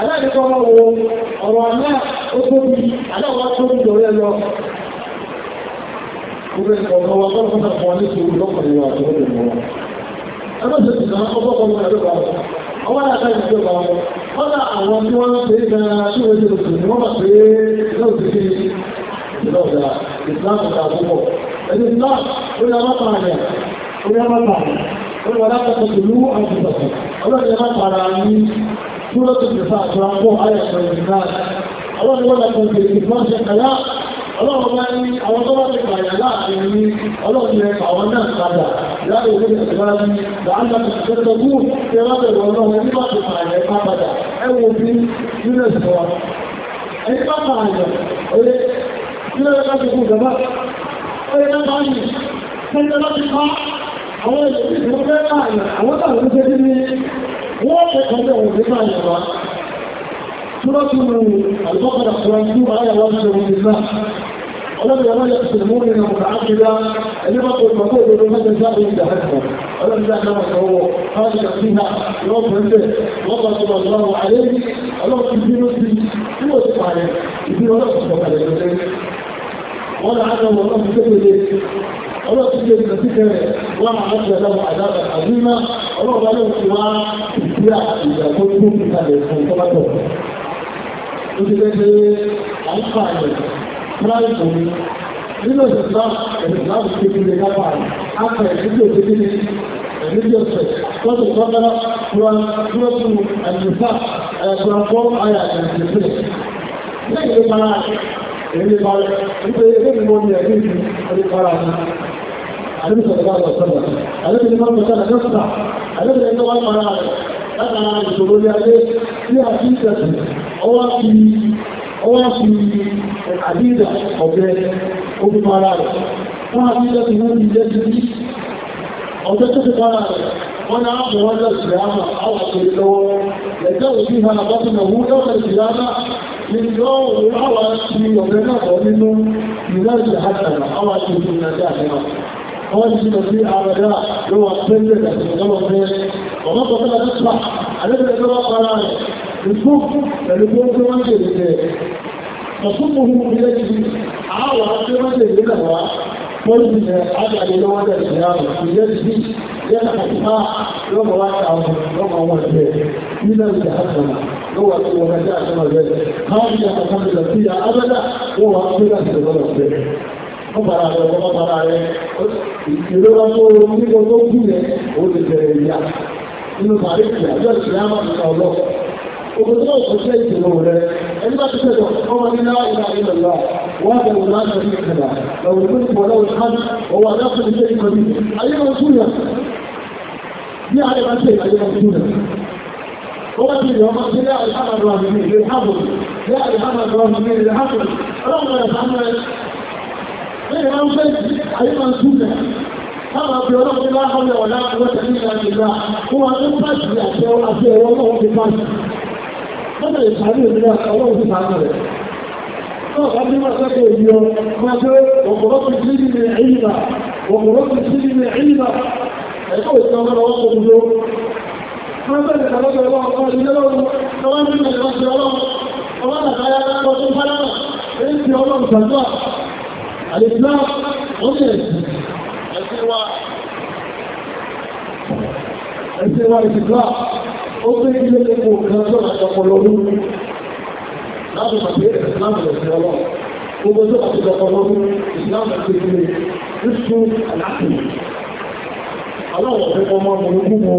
aláàríkọ́ wọ́n wo ọ̀rọ̀ náà ó tóbi aláwọ̀ tóbi lọ́rẹ́ lọ Gbogbo ìkọ̀ọ̀kan wọn tọ́lọ́pọ̀ náà fún ọ ní ìṣòro lọ́kùnrin wa àti ọdún wọn. Ẹgbẹ́ ìṣòro ìṣòro ọgbọ́n kan ní àdúgbò àwọn ọwọ́ àtàrí ìjọba wọn. Wọ́n dá àwọn tí wọ́n ń pè é gan-an tí wọ́n ti rò sí ni wọ́n bá pè é lọ́wọ́ sí ìlọ́ọ̀dà ìsìláàmù ta púpọ̀. Ẹni ìsìláàmù ó yá má pa àyà, ó yá má pa àyà, ó yá má pa àyà, ó yá má pa àyà, سورة النساء تراقوا آية الناس الله يقول لكم في الكفار شكلا الله أماني أو ضربك يا لا أعني الله يلك أو الناس قد لا يوجد أسباب لعلكم تتقون إرادة والله لما تفعل أبدا أو في يونسكو أي بقى عنه أولي كلا لك تكون جماعة أولي لك عني كلا لك تقع أولي لك تقع أولي لك تقع wọ́n kẹ́kẹ́ lé òun nígbà yẹ̀wá túnbọ́tún àlùkọ́kọ̀dà fúra ní àyàwó ṣe òun nígbà ọlọ́dẹ̀ yàrá yẹ kìtìlì mú nínú ọ̀gá àkíyá ẹni bá kò gbàgbọ́ òdodo mẹ́jẹ jáde ìjà ẹ̀kọ́ ọlọ́dẹ̀ yàrá náà sọ̀wọ́ káàkiri kàfí ha yọ pẹ̀lẹ́ wọ́n bá tọ̀bọ̀ lọ́wọ́ àlẹ́ ọlọ́dẹ̀ ìbínú sí tí ó ti pààyàn ìbínú ọlọ́dẹ̀ ولا عدم والله بكل ذلك الله تجد نتيجة وما عدل له عذابا عظيما الله له سواء يا إذا كنتم في هذا الكون وتجد القائد فرائكم nínú ìsìnlá ìsìnlá ìsìnkú lè dápa rẹ̀ ápẹ ìdíjọ ìdíjọ ìdíjọ ìsẹ̀ lọ́tọ̀ tọ́gbẹ́rẹ́ kúrọ́tù àjùfà ẹ̀kùnrin fọ́ ayà ìrìnlẹ̀ lẹ́yìn ìpara èyí bá wípé ilé ìwọ ni ẹ̀rí ìlú orí kára ní àdébìsọ̀rọ̀ bá lọ sọ́dọ̀ àdébìsọ̀rọ̀ bá lọ sọ́dọ̀ lọ́sọ̀dọ̀ àdébìsọ̀rọ̀ bá lọ sọ́dọ̀ látara ìṣòro ní ayé tí a ti ń tẹ̀sù ọwá fi àdídà ọ̀bẹ omi mara rẹ̀ wọ́n a ti tẹ̀sù wọ́n ti jẹ́ ti bí ọ̀bẹ tó ti mara rẹ̀ wọ́n na ápù wọ́n lọ sí àmà àwọn àkèrè lọ́wọ́ ẹ̀jẹ́ òbí hàn àbátùnà wú lọ́pẹ̀ sí àmà Nígbà òun láwà sí ọ̀rẹ́ náà bọ̀ nínú ìrẹ́lẹ̀ àtàrà, àwà sí ìrìnà jẹ́ àjẹ́mà. Wọ́n ti lọ sí àrẹ́dá ló wà pẹ́lẹ̀ àti ọmọ fẹ́. Ọmọ kọ̀ọ̀kan láti pa, àlẹ́bẹ̀rẹ̀ tó wá para rẹ̀, ìfú pẹ̀lú bí ó tó wọ́n jẹ̀ jẹ̀. Ọ̀fún mú mú ilé ti àwà tí wọ́n jẹ̀ jẹ̀ lọ́wọ́. Wọ́n ti jẹ̀ àjàdé lọ́wọ́ jẹ̀ jẹ̀ àrùn, ìjẹ́ ti yẹ́ هو هو جاء كما ذلك هذه الحمد لله فيها أبدا هو أبدا في الغرب Ọbàrà rẹ̀ ọbàrà rẹ̀ ìrora tó nígbà tó kú rẹ̀ ó ti bẹ̀rẹ̀ ìyá. Inú bàrí ìyá yóò ṣe á máa nìkan lọ. Ogun tó kò ṣe ìṣòro rẹ̀, ẹni bá ti ṣẹ̀dọ̀ ọmọ ní náà ìlà ìlà lọ, wọ́n bẹ̀rẹ̀ láti rí ìkẹlà. Lọ́wọ́ ìlú ti wọlé òun ká ọwọ́ adáfẹ́ ìṣe ìkọ̀lì. Ayé máa ń kú rẹ̀. Bí a rẹ̀ bá ṣe ìlàjẹ́ máa ń وقتل وقتل لا الحمد الراحمين للحفظ لا الحمد الراحمين للحفظ ربنا يتعمل غير ما وجد أيضا سنة أما بيولوج لا حول ولا قوة إلا بالله هو أنفس يأتي وأتي والله بفاس هذا يسعدني بالله الله يسعدني قبل ما سكت اليوم ما سكت وقرب السجن عيبة وقرب السجن عيبة يقول الإسلام أنا وقف اليوم Ẹ̀sìn wa ìsìnkú ó pé ilé epo kan tó máa tọpọlọ lórí láti pàdé ìsìláàmù ẹ̀sìn ọlọ́run. Gbogbo tó máa tọpọlọ lórí ìsìláàmù ẹ̀sìn ilé ìsìnkú aláàfin. Ọlọ́run ọ̀fẹ́ ọmọ ọmọ ogun mọ́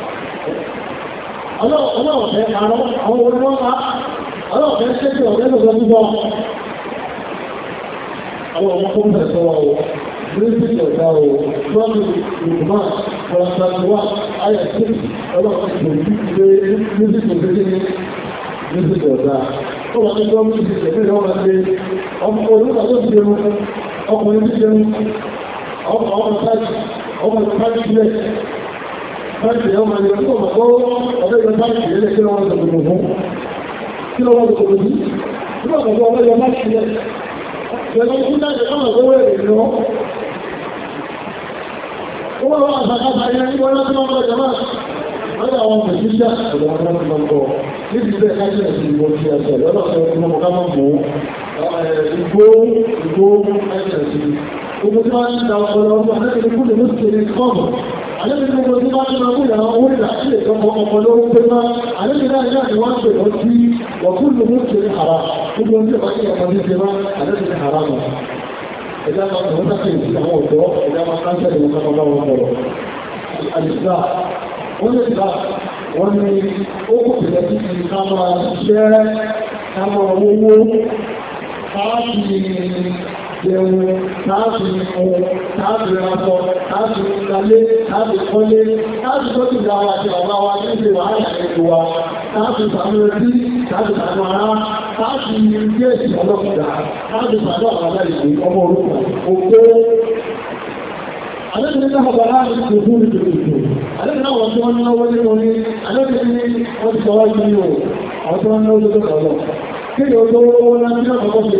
ọlọ́ọ̀fẹ́ àwọn olówó pa ọlọ́ọ̀fẹ́ ṣẹ́kẹ̀ ọ̀rẹ́ lọ́gbọ́n bíbọ́ àwọn ọmọ fún ẹ̀sọ́ wa o bíríṣìí ọ̀gá o lọ́nà ìgbìmọ̀ ọ̀rọ̀sàtúwà ayẹ̀sí ọlọ́ọ̀fẹ́ bíríṣìí ọ̀gá ọmọ ọmọ ọmọ ọmọ ọmọ láti ẹ̀yọ́ máa yọ tó mọ̀ ọ̀dọ́ ìyọ bá ṣe lẹ́ kí lọ́wọ́ ìdọ̀gbọ̀n fún kí lọ́wọ́ ìdọ̀gbọ̀n fún kí lọ́wọ́ ìdọ̀gbọ̀n ọ̀dọ́ ìyọ bá ṣe lẹ́ Ìjọba ìpínlẹ̀ Ìjọba ìgbówó ìrìnà. Ó wọ́n wọ́n àṣàkábà yẹn ní wọ́n láti lọ́wọ́ ìjọba. Wọ́n àlébi ní gbogbo tí bá ti máa múlẹ̀ àwọn orí láti lè tọ́mọ ọmọ lórí pé máa àlébi náà náà ni wọ́n ń pè lọ sí wọ̀kú ló mú ṣe àrà gbogbo ní ọmọ ní ọmọ ní ṣe máa àlébi ní àrà mọ̀. ẹ̀dá máa tọ̀wọ́ sáfì sí àwọn ọ̀dọ́ ẹ̀dá máa káńtẹ̀ ní ọmọ bá wọn sọ̀rọ̀. àlìsá wọ́n lè gbà wọ́n ní ó kò tẹ̀lẹ̀ sí ti ká máa ṣiṣẹ́ ká máa owó ká jẹun láti ẹ̀rọ láti ẹ̀rọ láti ìtàlé láti kọ́lé láti tó ti dáwà àti bàbá wa ní ilé wàhálà ẹ̀kọ́ wa láti sàmú ẹbí láti sàmú ara láti ilé ìsìn ọlọ́pàá láti sàmú àwọn aláìsí ọmọ orúkọ òkú alẹ́bìnrin náà bàbá láti kò fún ìdòdò alẹ́bìnrin náà wọ́n tí wọ́n ní ọwọ́ nínú ní alẹ́bìnrin wọ́n ti sọ́wọ́ ìlú àwọn tí wọ́n ní ọjọ́ tó kọ̀ lọ kí ni ọjọ́ owó náà ní ọ̀pọ̀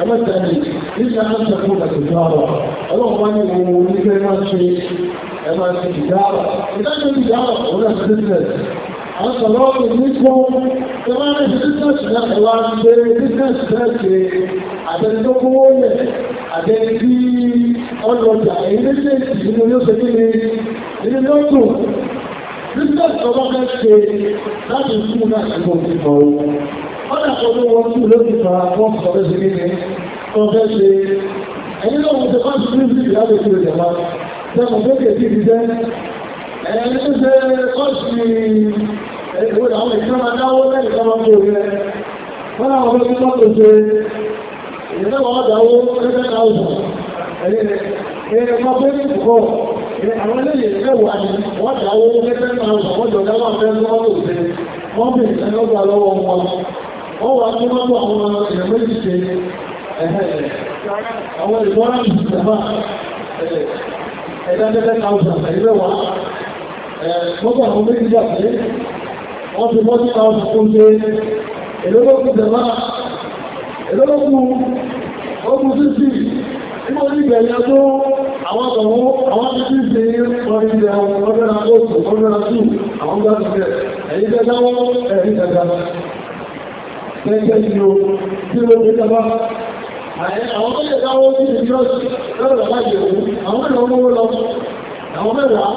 ẹlẹ́tẹ̀ẹ́ni nígbà tó tẹ̀kù lẹ́tẹ̀dáwà ọlọ́run wá ní ohun onígbé máa ṣe ẹ̀mà ti ìdáwà ìdájọ́ ìdáwà òun náà business àwọn sọ̀rọ̀ ọ̀pẹ̀ ní kó ẹwà ní business náà ẹwà ṣe business náà ṣe àtẹnudókòwò yẹ àtẹnudí ọlọ́jà èyí méjèèjì nínú yóò ṣe kíni nínú yóò dùn business ọba fẹ́ ṣe láti fún náà ṣe kó ti mọ̀ ọ̀nà tó wọn tí lókè fara fún ọ̀rẹ́ sí kíni náà wọ́n ti tó ṣe kọ́ọ̀sì ìwé àwọn ìṣẹ́mà dáwọ́ lẹ́yìn ní ìkọ̀ àwọn eléyìí ẹ̀wà ni wọ́n dáwọ́ ẹgbẹ́ náà wọ́n wà ní mọ́tò àwọn èèyàn méjì ṣe àwọn ìgbọ́nà ìjọba ẹ̀dẹ́dẹ́dẹ́ kàùsà ìrẹ́wà mọ́tò àwọn méjì jà pé wọ́n fi mọ́tò kàùsà fún ṣe èlólógún ìjọba èlólógún ogun ẹgbẹ́ ìlú tí ó gbé tọ́bá. Àwọn tó lè dáwọ́ sí ìjọ́sí lọ́rọ̀ láti òun, àwọn ìlú ọmọ lọ, àwọn mẹ́wàá,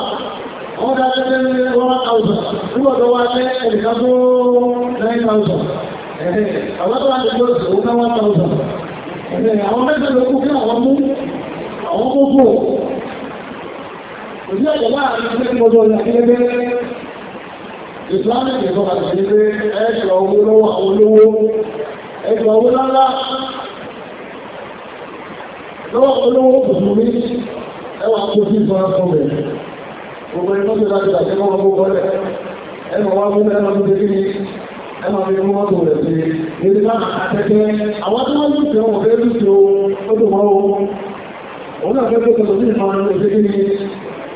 àwọn dáadẹ́gbẹ́ ní 1,000, nígbàtọ́ wá jẹ́ ẹ̀rìká tó 9,000. Àwọn tó wá jẹ́ lọ́sọ̀ òun náà 1,000. Àwọn mẹ́jọ ló kú kí àwọn mú, àwọn kó kú. Òjú ẹ̀jẹ̀ láàrin ẹgbẹ́ islamic ìjọba ti ní pé ẹ̀ṣọ́ owó lọ́wọ́ àwọn olówó ẹ̀ṣọ́ owó lọ́lá lọ́wọ́ olówó mùsùlùmí ẹwà tó sí ìsọ́ra fún mi gbogbo ẹ̀kọ́ tó dájú àti ẹ̀kọ́ ọmọ bọ́lẹ̀ ẹ̀mọ̀ wá mú ẹ̀mọ̀ tó dé kí ẹ̀mọ̀ mi mú ọ̀tọ̀ rẹ̀ sí níbi láti àtẹ́kẹ́ àwọn tó wọ́n lùsẹ̀ wọn fẹ́ lùsẹ̀ tó mọ́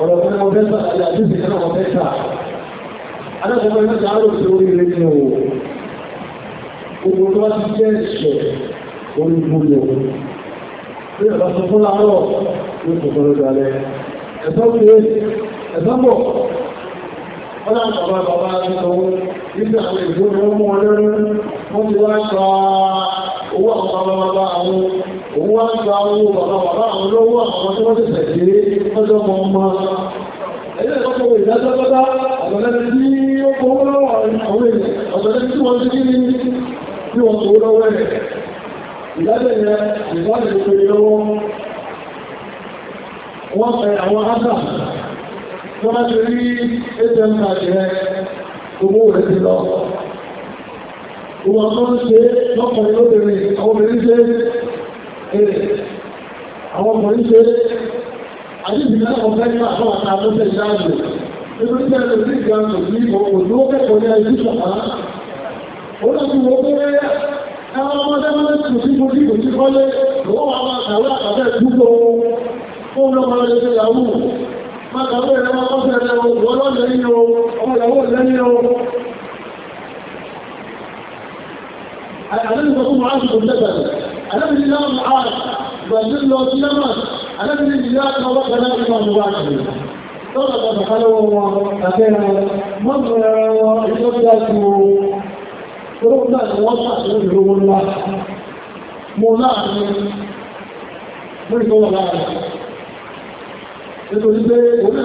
ọ̀rọ̀ tó mọ́ bẹ́ta àti àdúgbì kan wọ́n bẹ́ta adájọ́mọ́ iná jẹ́ àárò tó rí lẹ́nu o gbogbo tó bá ti jẹ́ ẹ̀ṣẹ̀ orí gbogbo bí ọ̀bá sọ fún láàárọ̀ ní kòkòrò dalẹ̀ ẹ̀sọ́ pé ẹ̀sọ́ pọ̀ ọ̀nà àbàbà bàbá àtúntò nígbà àwọn ìgbóni wọ́n mú wọn lẹ́rú wọ́n ti wá gba owó àwọn bàbá bàbá àwọn òun wá ń gba owó bàbá bàbá àwọn olówó àwọn tó wọ́n tẹ̀sẹ̀ kéré lọ́jọ́ mọ́ ọmọ ẹ̀yẹ́ ìtọ́kọ̀ òwe ìdájọ́ bọ́dá àgbẹ̀lẹ́ni tí ó kọ́ owó lọ́wọ́ àwọn èèyàn àgbẹ̀lẹ́ni tí wọ́n ti kí ni bí wọ́n kọ́ lọ́wọ́ ẹ̀ ìdájọ́ yẹn ìwádìí tó pèrè lọ́wọ́ wọ́n fẹ́ àwọn ásà wọ́n bá ti rí atm card rẹ̀ owó rẹ̀ ti lọ Gbogbo ọ̀tọ́ ń ṣe lọ́kùnrin lóbìnrin, àwọn obìnrin ṣe àwọn ọmọ ń ṣe àdìsíkà ọ̀fẹ́ ní àwọn àtàkùnṣe ìdáàbò nítorí pé ẹni tí ìgbà tó sí òun ló kẹ́kọ̀ọ́ ní ẹni ṣọ̀pá ó lọ́tí wo pé ẹwà ọmọdé máa ń tún sí gbogbo ìgbò tí kọ́lé lọ́wọ́ wa máa kàwé àkàbẹ́ ìdúgbò fún lọ́mọ rẹ̀ ṣe yàwó máa kàwé rẹ̀ máa kọ́sẹ̀ rẹ̀ wọ́n lọ́lẹ̀ yìí o ọmọ ìyàwó lẹ́yìn o àdìsíkà tó máa ń sọ̀rọ̀ alábìlì náà ń hàn gbàgbé lọ sí náà alábìlì ìlú àtàwọn bá kaná ìlú àwọn bá ṣe lọ́nà tàbí kálọ́wọ́ wọn àti ẹran mọ́tò ẹran wọn ìjọ bí a ti wo orúkọ náà ni wọ́n ṣàṣeyọrí lówó ńlá mo láàrin lórí tó wà láàrin nítorí ńlá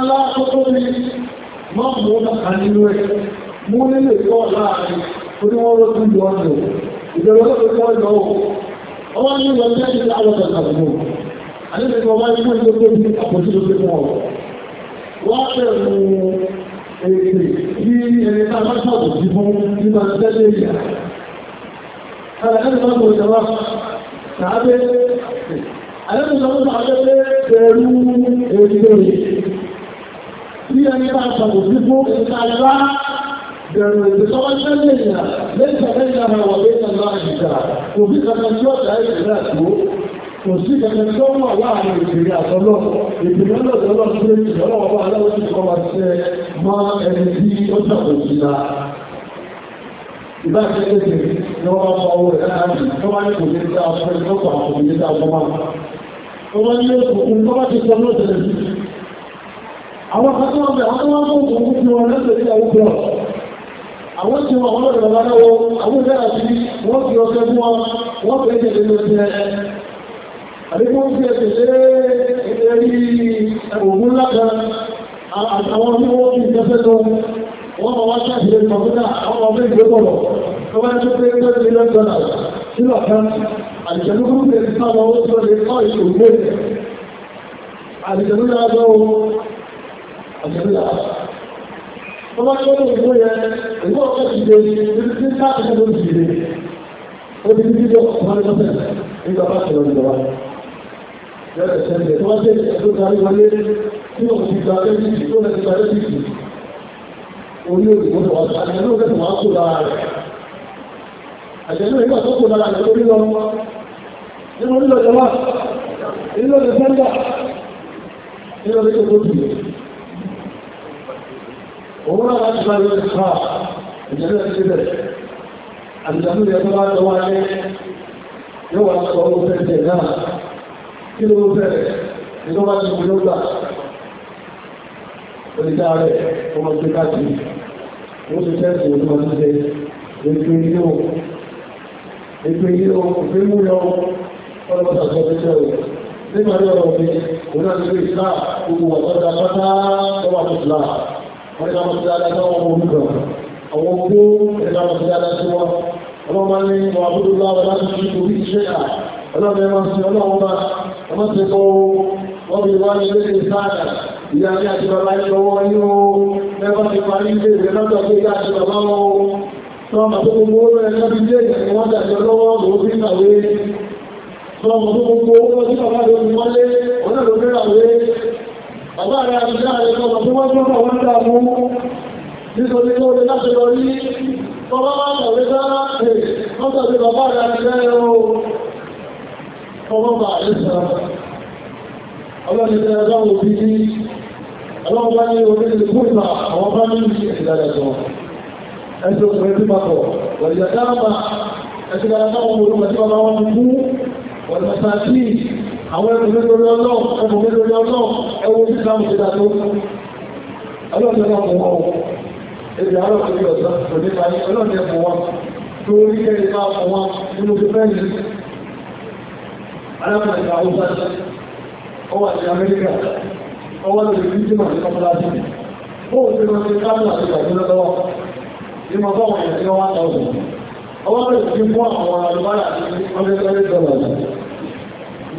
ńlá tó tó ní má mú ọ̀kan nínú ẹ̀ mú nílé tọ́ láàrin oníwọ́rọ́ tún lọ ọ̀dọ̀ ìjọba tó tọ́ lọ ọwọ́ ní lọ sí ẹ̀jẹ̀ àwọn ọ̀dọ̀ àdébẹ̀ tó wá ní wọ́n tó tóbi àpòtí tó tóbi wọn wọ́n bẹ̀rù èrè bí ẹni tá a bá sọ̀rọ̀ sí fún nígbà tó tẹ́lẹ̀ ìyà Àdébẹ̀ tó wọ́n tó wá sàábẹ́ àdébẹ̀ tó wọ́n sàábẹ́ pẹ̀lú èrè tí ẹni bá sọ̀rọ̀ sí fún ìtàlá bẹ̀rù ìdíkọ́wọ́ sẹ́lẹ̀ ìyà lẹ́yìn ọ̀rẹ́ ìyàrá wà lẹ́yìn ọ̀rẹ́ àjíjà kò bí kankan tí ó dá ìrìnlẹ̀ àtúwó kò sí kankan tó wà láàrin ìrìn àtọ́lọ́ ìpínlẹ̀ lọ́dọ́lọ́ sí ìjọ́lọ́wọ́ bá aláwọ̀ sí kọ́ wa sẹ́ máa ẹni tí ó sàkó sí la ìbá ṣe léṣe ni wọ́n bá fọ owó ẹ̀ka àti tó wá ní kò ní dá ọ̀pẹ́ tó kọ̀ àkòmí ní dá ọgbọ́n máa. Ọmọ ilé tó bá ti sọ lóṣèlú àwọn kan tó ń bẹ̀ àwọn wọ́n mú òun fi wọn lẹ́sẹ̀ sí àwọn ìjọ àwọn tí wọn àwọn ọ̀rọ̀ bá lọ́wọ́ àwọn ìjọ àti wọ́n fi ọkẹ́ fún wọn wọ́n fẹ́ jẹ́ lé lórí ẹ àdékò fi ẹsẹ̀ lé ẹ̀rí ògùn ńlá kan àwọn ọmọ wọn fi ìjọsẹ́ tó wọ́n mọ̀ wá ṣàṣìlẹ̀ kọ̀m̀pútà àwọn ọmọ ìgbẹ́kọ̀rọ̀ tó bá tó pé ẹgbẹ́ mílíọ̀n dọ́là sílọ̀ kan àdìsẹ̀lú gúrúpù ẹ̀sìn sáwọn ó tó àjẹ́bíyà. Wọ́n bá tọ́jú ìwé yẹn, ìwé ọ̀fẹ́ ti dé ní ní káàkiri náà ló ń jìde. Ó di bíbí lọ ọ̀pọ̀lọpọ̀ lọ́sẹ̀ nígbà bá ṣẹlẹ̀ ìjọba. Bẹ́ẹ̀ ṣẹlẹ̀ tó wá dé ẹ̀dọ́ darí wọlé tí òun ti gba lẹ́yìn tó lẹ́ ti gba lẹ́yìn tì. Orí òyìnbó tó wá sọ, àjẹ́ ló fẹ́ wá kó lára rẹ̀. Àjẹ́ ló ìgbà tó kó lára rẹ̀ lórí lọ. Nínú orílẹ̀-èdè wa, orílẹ̀-èdè Sẹ́ńdà, nínú orílẹ̀-èdè tó òun náà láti bá lórí ká ìjẹ́lẹ̀ ti bẹ̀rẹ̀ àjẹ́lú yẹ tó bá lọ wá ní yóò wá sọ owó fẹ́ẹ̀tẹ̀ náà kí ló bẹ̀rẹ̀ ní tó bá ti mú lóògbà oníta rẹ̀ ó mọ̀ sí káàkiri ó ti tẹ́sì ó mọ̀ sí ẹgbẹ́ yíò ẹgbẹ́ yíò òfin mú yọ ọlọ́pàá sọ fẹ́ tẹ́ o nígbà tí ọ̀rọ̀ òfin òun náà ti rí ìsá gbogbo ọ̀sọ́dá pátá tó wà tó wọ́n ní ọmọ sí dáadáa tó wọ́n mú gan àwọn ogún ẹ̀dá ọmọ sí dáadáa tó wọ́n ọlọ́run máa ní ọmọ àbúrò láwọn láti fi orí iṣẹ́ à ọlọ́run ẹ̀rọ sí ọlọ́run máa ọmọ ti kọ́ wọ́n fi wá ní ilé ní sáàdà ìyá ní àti bàbá ní ọwọ́ ní o ẹgbẹ́ ti parí ilé ìwé lọ́dọ̀ pé ìyá àti bàbá wọn o tó ọmọ tó gbogbo owó rẹ̀ lọ́bi ilé ìgbẹ̀rẹ̀ wọ́n dàbí ọlọ́wọ́ lòó fi kàwé tó ọmọ tó gbogbo owó tí bàbá lòó fi wọlé ọlọ́run Bàbá rẹ̀ àdúgbà rẹ̀ kọ́ tí wọ́n tó kọ̀ wọ́n dà mú nítorí tó lè láti lọ rí bọ́bá bá tàbí sára rẹ̀ wọ́n tàbí bàbá rẹ̀ àdúgbà rẹ̀ o. Ọmọ bà rẹ̀ sọ. Ọlọ́ni tẹ́ ẹgbẹ́ òbí ní ọlọ́run bá ní orí lè fún ìgbà àwọn bá ní ìdàlẹ̀ sọ. Ẹjọ́ pẹ̀lú papọ̀, wọ̀lẹ̀ dáàbà, ẹjọ́ dáàbà wọn mú wọ̀lọ́sàtí àwọn ẹkùnrin lórí ọlọ́ ẹkùnrin lórí ọlọ́ ẹwọ́ ìsìlámù ti dàtó ọlọ́dún ọmọ wọn èdè àárọ̀ torí ọ̀sán kò ní parí ọlọ́dún ẹ̀kọ́ wọn tó rí kẹ́rin bá fọ wọn nínú tó fẹ́ yìí alákùnrin ìgbà ọgbà ọ wà ní Amẹ́ríkà ọwọ́ lórí fíjìmọ̀ ní kọ́kọ́lájì ó ti lọ sí káàmù àti ìgbàgbọ́ lọ́wọ́ ní mọ̀ bọ́wọ̀n ìyẹn tí wọ́n wá tọ́wọ́ ọwọ́ lórí fíjìmọ̀ àwọn alùbárà ní ọdún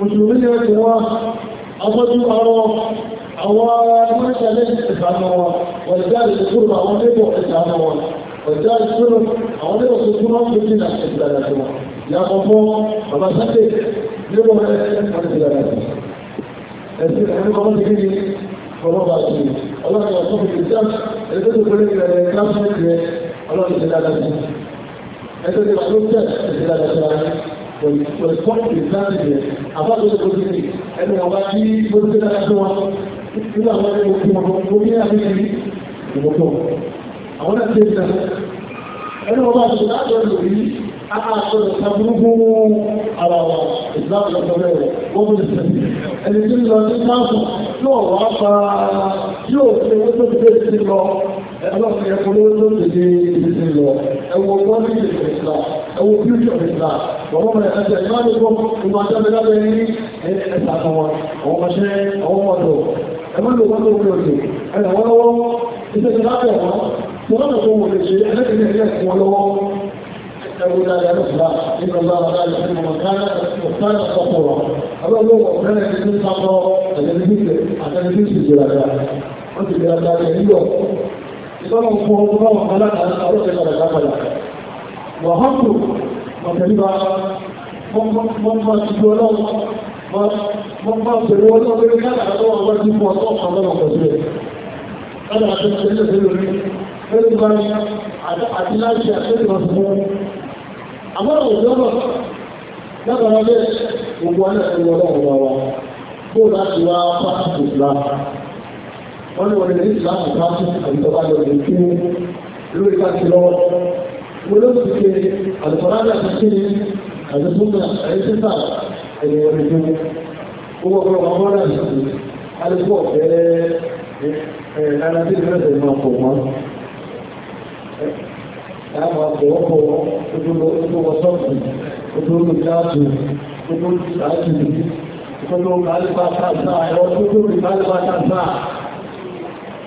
mùsùlùmí ni wọ́n ti wọ́n afọ́jú ọrọ̀ àwọn mọ́ṣẹ́lẹ̀ ìsànà wọn ọ̀já ìṣòro àwọn lébọ̀ ìsànà wọn ọ̀já ìṣòro àwọn lébọ̀ tó tún wọ́n tó dínà ìsànà wọn yàtọ̀ fún bàbá sáté lébọ̀ ẹ̀sìn ẹ̀sìn kọ́mọ́ ti kí ni ọlọ́ba ti ọlọ́ba tó fi ìjọ́ ẹ̀sìn tó pẹ̀lú ìrẹ̀lẹ̀ káfíńtì rẹ̀ ọlọ́ba ti dáadáa sí ẹ̀sìn tó pẹ̀lú ìjọ́ ẹ̀sìn dáadáa sí pẹ̀lú ìdáàbẹ̀ àbájọ́ ìgbòsílẹ̀ ẹni ọba tí gbogbo dára tó wọn nígbà wọn ní òkú ọmọ orí àbíyí ìwọ̀pọ̀ àwọn náà tẹ́ ìdára ẹni ọba tó dájọ́ lórí akáàtọ̀ ìsàbúrúgbó ara wa ìsìláàbù lọ́sọ̀rọ̀ rẹ̀ wọ́n mú ìsìlẹ̀ ẹni tí ń lọ ní máàpù yóò wá pa yóò fi owó tó ti ẹlọ́pàá ẹ̀kọ́ ló ló ti dé ìdíje lọ ẹwọ gbọ́dọ̀ ìdíje ìgbà ẹwọ fíjọ ìgbà bọ̀wọ́ mẹ ẹsẹ̀ ìgbàlẹ̀ gbọ́ gbogbo ajẹ́bẹ̀ lábẹ́ ní ẹ̀sà kan wọn àwọn ọmọṣẹ́ àwọn ọmọdọ̀ ẹgbẹ́ ló wọ́n tó fi òjò ẹnà wọ́n lọ́wọ́ ìṣẹ́ ti lábẹ́ wọn tí wọ́n lọ́wọ́ wọn lè ṣe ẹlẹ́gbẹ̀ẹ́ ilé ẹ̀sìn wọn lọ́wọ́ ẹwọ dáadáa ló fà nínú ọlá ọ̀dá ìṣẹ́ ọmọ káyà ọ̀sán ọ̀pọ̀lọ̀ ọlọ́wọ́ ọ̀rẹ́ ẹni tó ń sábọ̀ ẹ̀yẹ́ ní bíbẹ̀ àtẹ́ni tó ń sì jẹ́ dáadáa wọ́n ti gbé ìsọ́nà fún ọdún náà kan láti àwọn ọlọ́pẹ́ padà lápàdà wà hàpù ọ̀tẹ̀lúbà mọ́mọ́ ti gbọ́ ọlọ́run mọ́mọ́ pẹ̀lú ọlọ́run lórí láti àwọn ọgbà tí fún ọtọ́ kan lọ́nà pẹ̀lú rẹ̀ láti àti ìṣẹ́lẹ̀ sí lórí lórí bá ní àti láti àṣẹ́lẹ̀ lọ sí fún àmọ́ òjòrò lábàrá bẹ́ẹ̀ gbogbo alẹ́ ẹ̀rọ ọlọ́run wa wa bóòlù láti wá pàtàkì ìsìlámù wọ́n ní wọlé lẹ́yìn láti láti àìjọba lọ lè fi lórí káàkiri lọ́wọ́ wọ́n ló ti ṣe àlùfọ́nádà ti ṣe àdúgbò àìsíta ẹ̀yìn wọlé tó owó ọ̀pọ̀lọpọ̀ àwọn ọ̀rẹ́ àti alùpùpọ̀ ọ̀fẹ́ ẹ̀ẹ́dára tí ìrẹsẹ̀ máa pọ̀ mọ́ láàmà àpòwọ́pọ̀ ojúlọ sọ́ọ̀tì ojúlọ jáàtù ojúlọ jáàtù ojúlọ kálífà káàtà ẹ̀rọ tó tó rí kálífà káàtà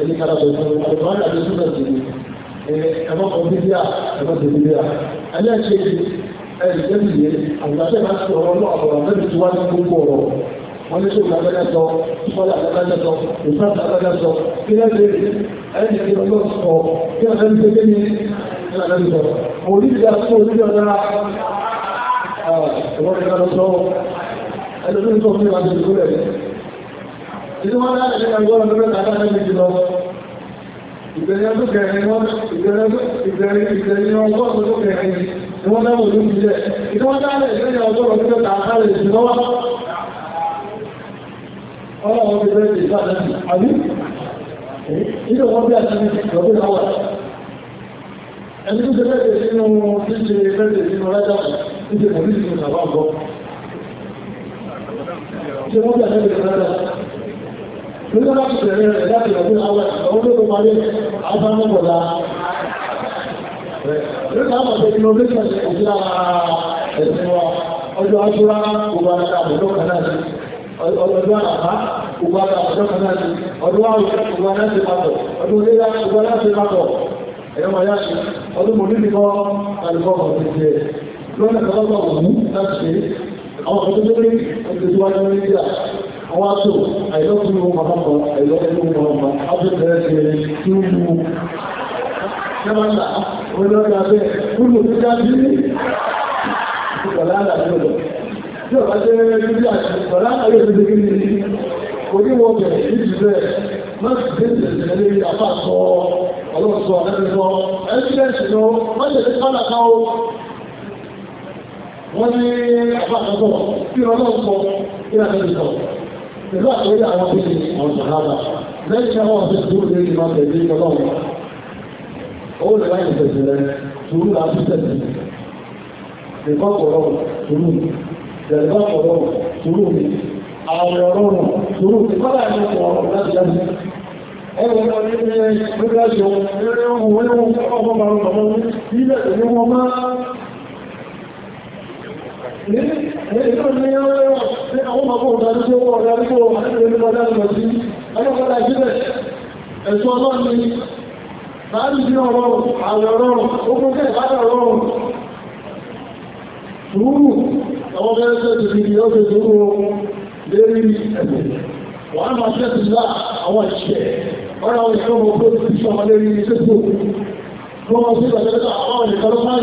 ẹni kára bẹ̀rẹ̀ fún ọ̀gbọ́n àti súnà sí ni ẹ̀mọ́ kan bí díà ẹ̀mọ́ tẹ̀lé díà ẹlẹ́ẹ̀kejì ẹ̀rì tẹ́lẹ̀ yé àgbàdo máa sọ ọ̀rọ̀ náà ọ̀rọ̀ mẹ́rin tí wá ní gbogbo ọ̀rọ̀ wọ́n ní sóògùn abẹ́rẹ́ sọ sọ́lá abẹ́rẹ́ sọ ìfúnàtà abẹ́rẹ́ sọ kí lẹ́sẹ̀ ẹni tí wọ́n sọ kí wọ́n fẹ́ẹ́ tẹ́lẹ̀ ní ẹ̀rọ sọ òrìṣà fún òrìṣà náà ẹ̀wọ́n ní ká lọ sọ ẹlẹ́sìn tó fún ìwádìí ìlú rẹ̀ Ìdí Ìgbẹ̀rẹ̀ ọdún kẹrin wọ́n ìgbẹ̀rẹ̀ ọgọ́rùn-ún tó kẹrin ni wọ́n dáwọ̀ ló ń jẹ́. Ìdí wọ́n dáwọ̀ ìgbẹ̀rẹ̀ ọgọ́rùn-ún tó tàbí jù lọ. ìgbẹ̀rẹ̀ ọgọ́rùn Nígbà láti bẹ̀rẹ̀ rẹ̀ láti ọdún àwọn olóògùn parí àbámọ́bọ̀lá. Nígbà àwọn ọ̀dọ́ ìlú orílẹ̀ ìjọ ẹ̀sìn wa, ọjọ́ ajúra gbogbo ara àbùdó kan náà sí, ọjọ́ àbá gbogbo ara àbùdó kan náà sí, ọdún àwọn gbogbo ara sí papọ̀, ọdún léra gbogbo ara sí papọ̀, ẹ̀yọ́ máa yá sí, àwọn aṣò àìlọ́kùnrin ohun àpapọ̀ àìlọ́kùnrin ohun ọmọ ábẹ́bẹ̀rẹ̀ ṣẹlẹ̀ tí ó mú ṣẹ́mọ́lá olóòrùn abẹ́ kúrò tó dájú ní ìpọ̀lára lọ́dọ̀ tí ọ̀rọ̀ jẹ́ lórí àti ìpọ̀lára yóò ti dé ní oníwọ̀n bẹ̀rẹ̀ níbi bẹ́ẹ̀ láti dé ìṣẹ̀lẹ̀ lórí apá sọ ọlọ́sọ ẹ̀rọ ẹ̀sìdẹ̀sì lọ wọ́n lè fi pálá ká o wọ́n ní apá kan sọ kí ọlọ́sọ kí pẹ̀lú àtẹ̀lé àwọn tó ṣe àwọn ṣàhábà lẹ́yìn tí wọ́n ti dúró lórí ìmọ̀ tẹ̀lé ọlọ́run ó lè láyé tẹ̀sí rẹ̀ sùúrù láti tẹ̀sí nìkan kọ̀ọ̀rọ̀ sùúrù tẹ̀lẹ́gbà kọ̀ọ̀rọ̀ sùúrù mi àwọn ọ̀rọ̀ sùúrù mi kọ́lá ẹni kọ̀ọ̀rọ̀ láti jáde ẹ̀rọ ọmọ ní ilé gbígbájú ẹ̀rọ ohun ẹ̀rọ ọmọ márùn-ún ilẹ̀ ìlú wọn máa Ẹ̀sùn ọlọ́run ni, láàrín sí ọ̀rọ̀ àwẹ̀ ọ̀rọ̀rùn, ó kún kẹ́ ìbádà àwọn ọmọdé máa ṣẹ́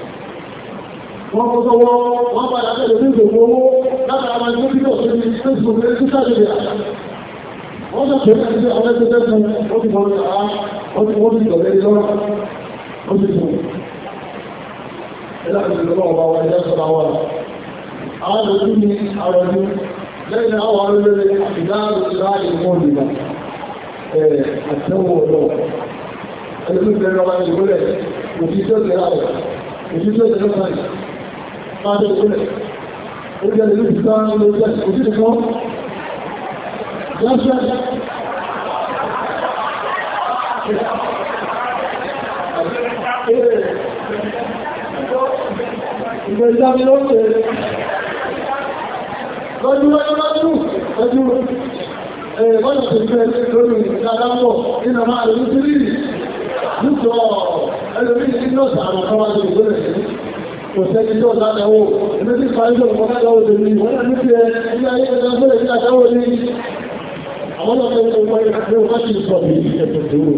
wọ́n kó sọ́wọ́ wọ́n bá lábẹ́lẹ̀ ní ìgbòho owó látara máa gbé bílọ̀ sí ní facebook ní títà lèdè àṣà wọ́n sọ pé ẹni tí ọ̀rẹ́ tó tẹ́sùn ó ti fọ́n ra ó ti wọ́n ti ọ̀rẹ́ òjíṣẹ́ ìgbẹ̀rẹ̀ òjíṣẹ́ ìgbẹ̀rẹ̀ Fájọ́ ìpínlẹ̀. Oúnjẹ ìlú ìgbà ń lo jẹ́ òjìdí kan. Jọ́ṣẹ́. Ìgbẹ̀ ìjámi ló ṣe. Lọ́jú lọ́jú lọ́jú. Lọ́jú. Ẹ̀ẹ̀mọ́nà tó jẹ́ lórí ìdádámọ̀ nínú máa lè ní kò sẹ́ni tó lánàwó ẹni tí fàájọ́ ìfọ́nàdáwò lè ní wọ́n ní pé ilé ayé ìdájọ́lẹ̀ ní àdáwò ní àwọn ọmọ ẹgbẹ́ ìgbẹ́ wọ́n ti sọ bí ìṣẹ̀tẹ̀ dúró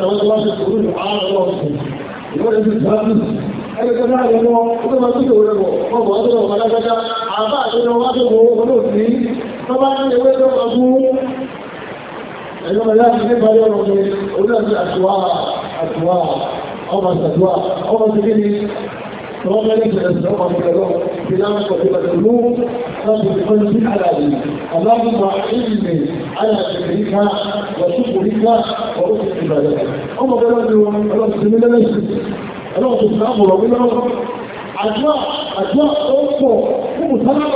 àwọn ọmọ ti sọ bí àárọ̀ ọ̀sẹ̀ ìwọ́n ti sọ bí ẹgbẹ́ náà lọ́wọ́ ó tó máa ọmọ ọdún ọmọ alágbájá ọmọ òsì ọmọ àtúwà ọmọ وهم يجب أن تسمعهم كلهم بلان قبل النور رب القلب على دينك اللهم علمي على ذكرك وشكرك ورسل عبادتك أما قالوا الله سبحانه وتعالى الله سبحانه وتعالى àjọ àjọ ọ̀pọ̀ fún sábà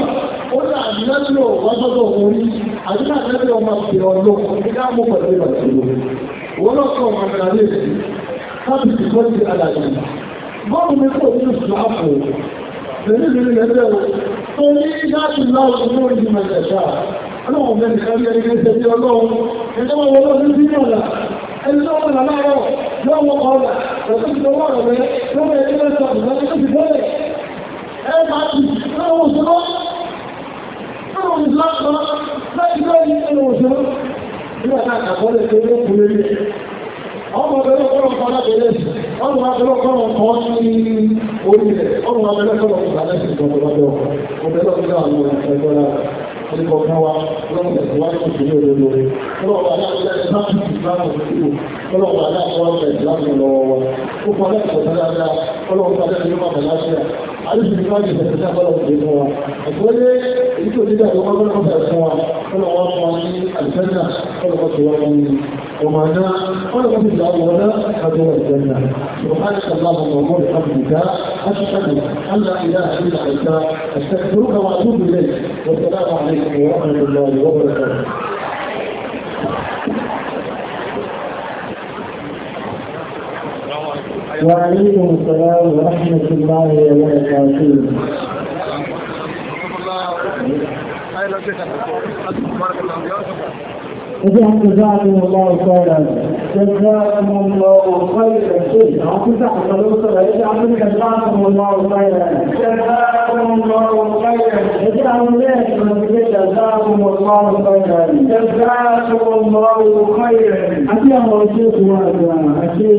ó là nílò wájọ́dọ̀ orí àdúrà lẹ́bẹ̀ẹ́ ọmọ ìpè ọ̀lọ́ nígbà mú pẹ̀lú ìrọ̀lẹ́ ìwọ́n lọ́kọ̀ ọmọ ìrọ̀lẹ́ ìsìn sábì tí kọ́ sí alàjì bọ́ọ̀lù mi kò ní ìsìláàpù pẹ̀lú ìlú ẹgbẹ́ o tó ní láti láwọn ìlú ìlú mẹ́tẹ̀ẹ̀ta ọlọ́run mẹ́rin kan yẹ ilé ìṣẹ́jú ọlọ́run ẹjọ́ wọn wọ́n lọ́dún sí ọ̀la ẹni tó wọ́n láàárọ̀ lọ́wọ́ ọ̀la ẹ̀sùn tó wọ́n rẹ̀ lọ́wọ́ ẹgbẹ́ ẹ̀sọ́ ìgbàlẹ́ tó ti bẹ́ẹ̀ ẹ máa ti lọ́wọ́ òṣèlú lọ́wọ́ ìsìláàpù láti lọ́wọ́ ìsìláàpù ọmọ abẹ́rẹ́ ọkọ̀rọ̀ kan lábẹ́lẹ́ ọmọ abẹ́rẹ́ ọkọ̀rọ̀ kan ní orí rẹ̀ ọmọ abẹ́rẹ́ ọkọ̀rọ̀ kan lábẹ́lẹ́ ọkọ̀rọ̀ ẹ̀kọ́ kan wa lọ́wọ́ ìwádìí ìpínlẹ̀ olóore lọ́wọ́ aláàbọ̀ láti ìsìláàmù ìlú lọ́wọ́ aláàbọ̀ láti ìsìláàmù lọ́wọ́ wa ó fọ́ lẹ́kọ̀ọ́ dáadáa lọ́wọ́ padà ní ọmọ àbàláṣíà alùpùpù máa jẹ ìfẹ̀sẹ̀ sábàlọ̀ òde fún wa ẹ̀kọ́ lé èyí tó dídá ìwọ́n gbọ́dọ̀ kọ́ bẹ̀rẹ̀ fún wa lọ́wọ́ fún wa ní àlùfẹ́nà lọ́wọ́ tó wà wọn ní ọmọ náà lọ́wọ́ tó dà wọ́n náà kájọ́ àlùfẹ́nà سبحانك اللهم وبحمدك أشهد أن لا إله إلا أنت أستغفرك وأتوب إليك والسلام عليكم عليكم ورحمة الله وبركاته وعليكم السلام ورحمة الله وبركاته بارك الله again to Jazakumullah khairan. Jazakumullah khairan. See, after that, the salute of Allah, after that, Jazakumullah khairan. Jazakumullah khairan. Is it our name to repeat Jazakumullah khairan? Jazakumullah khairan. I see how it is to work, I see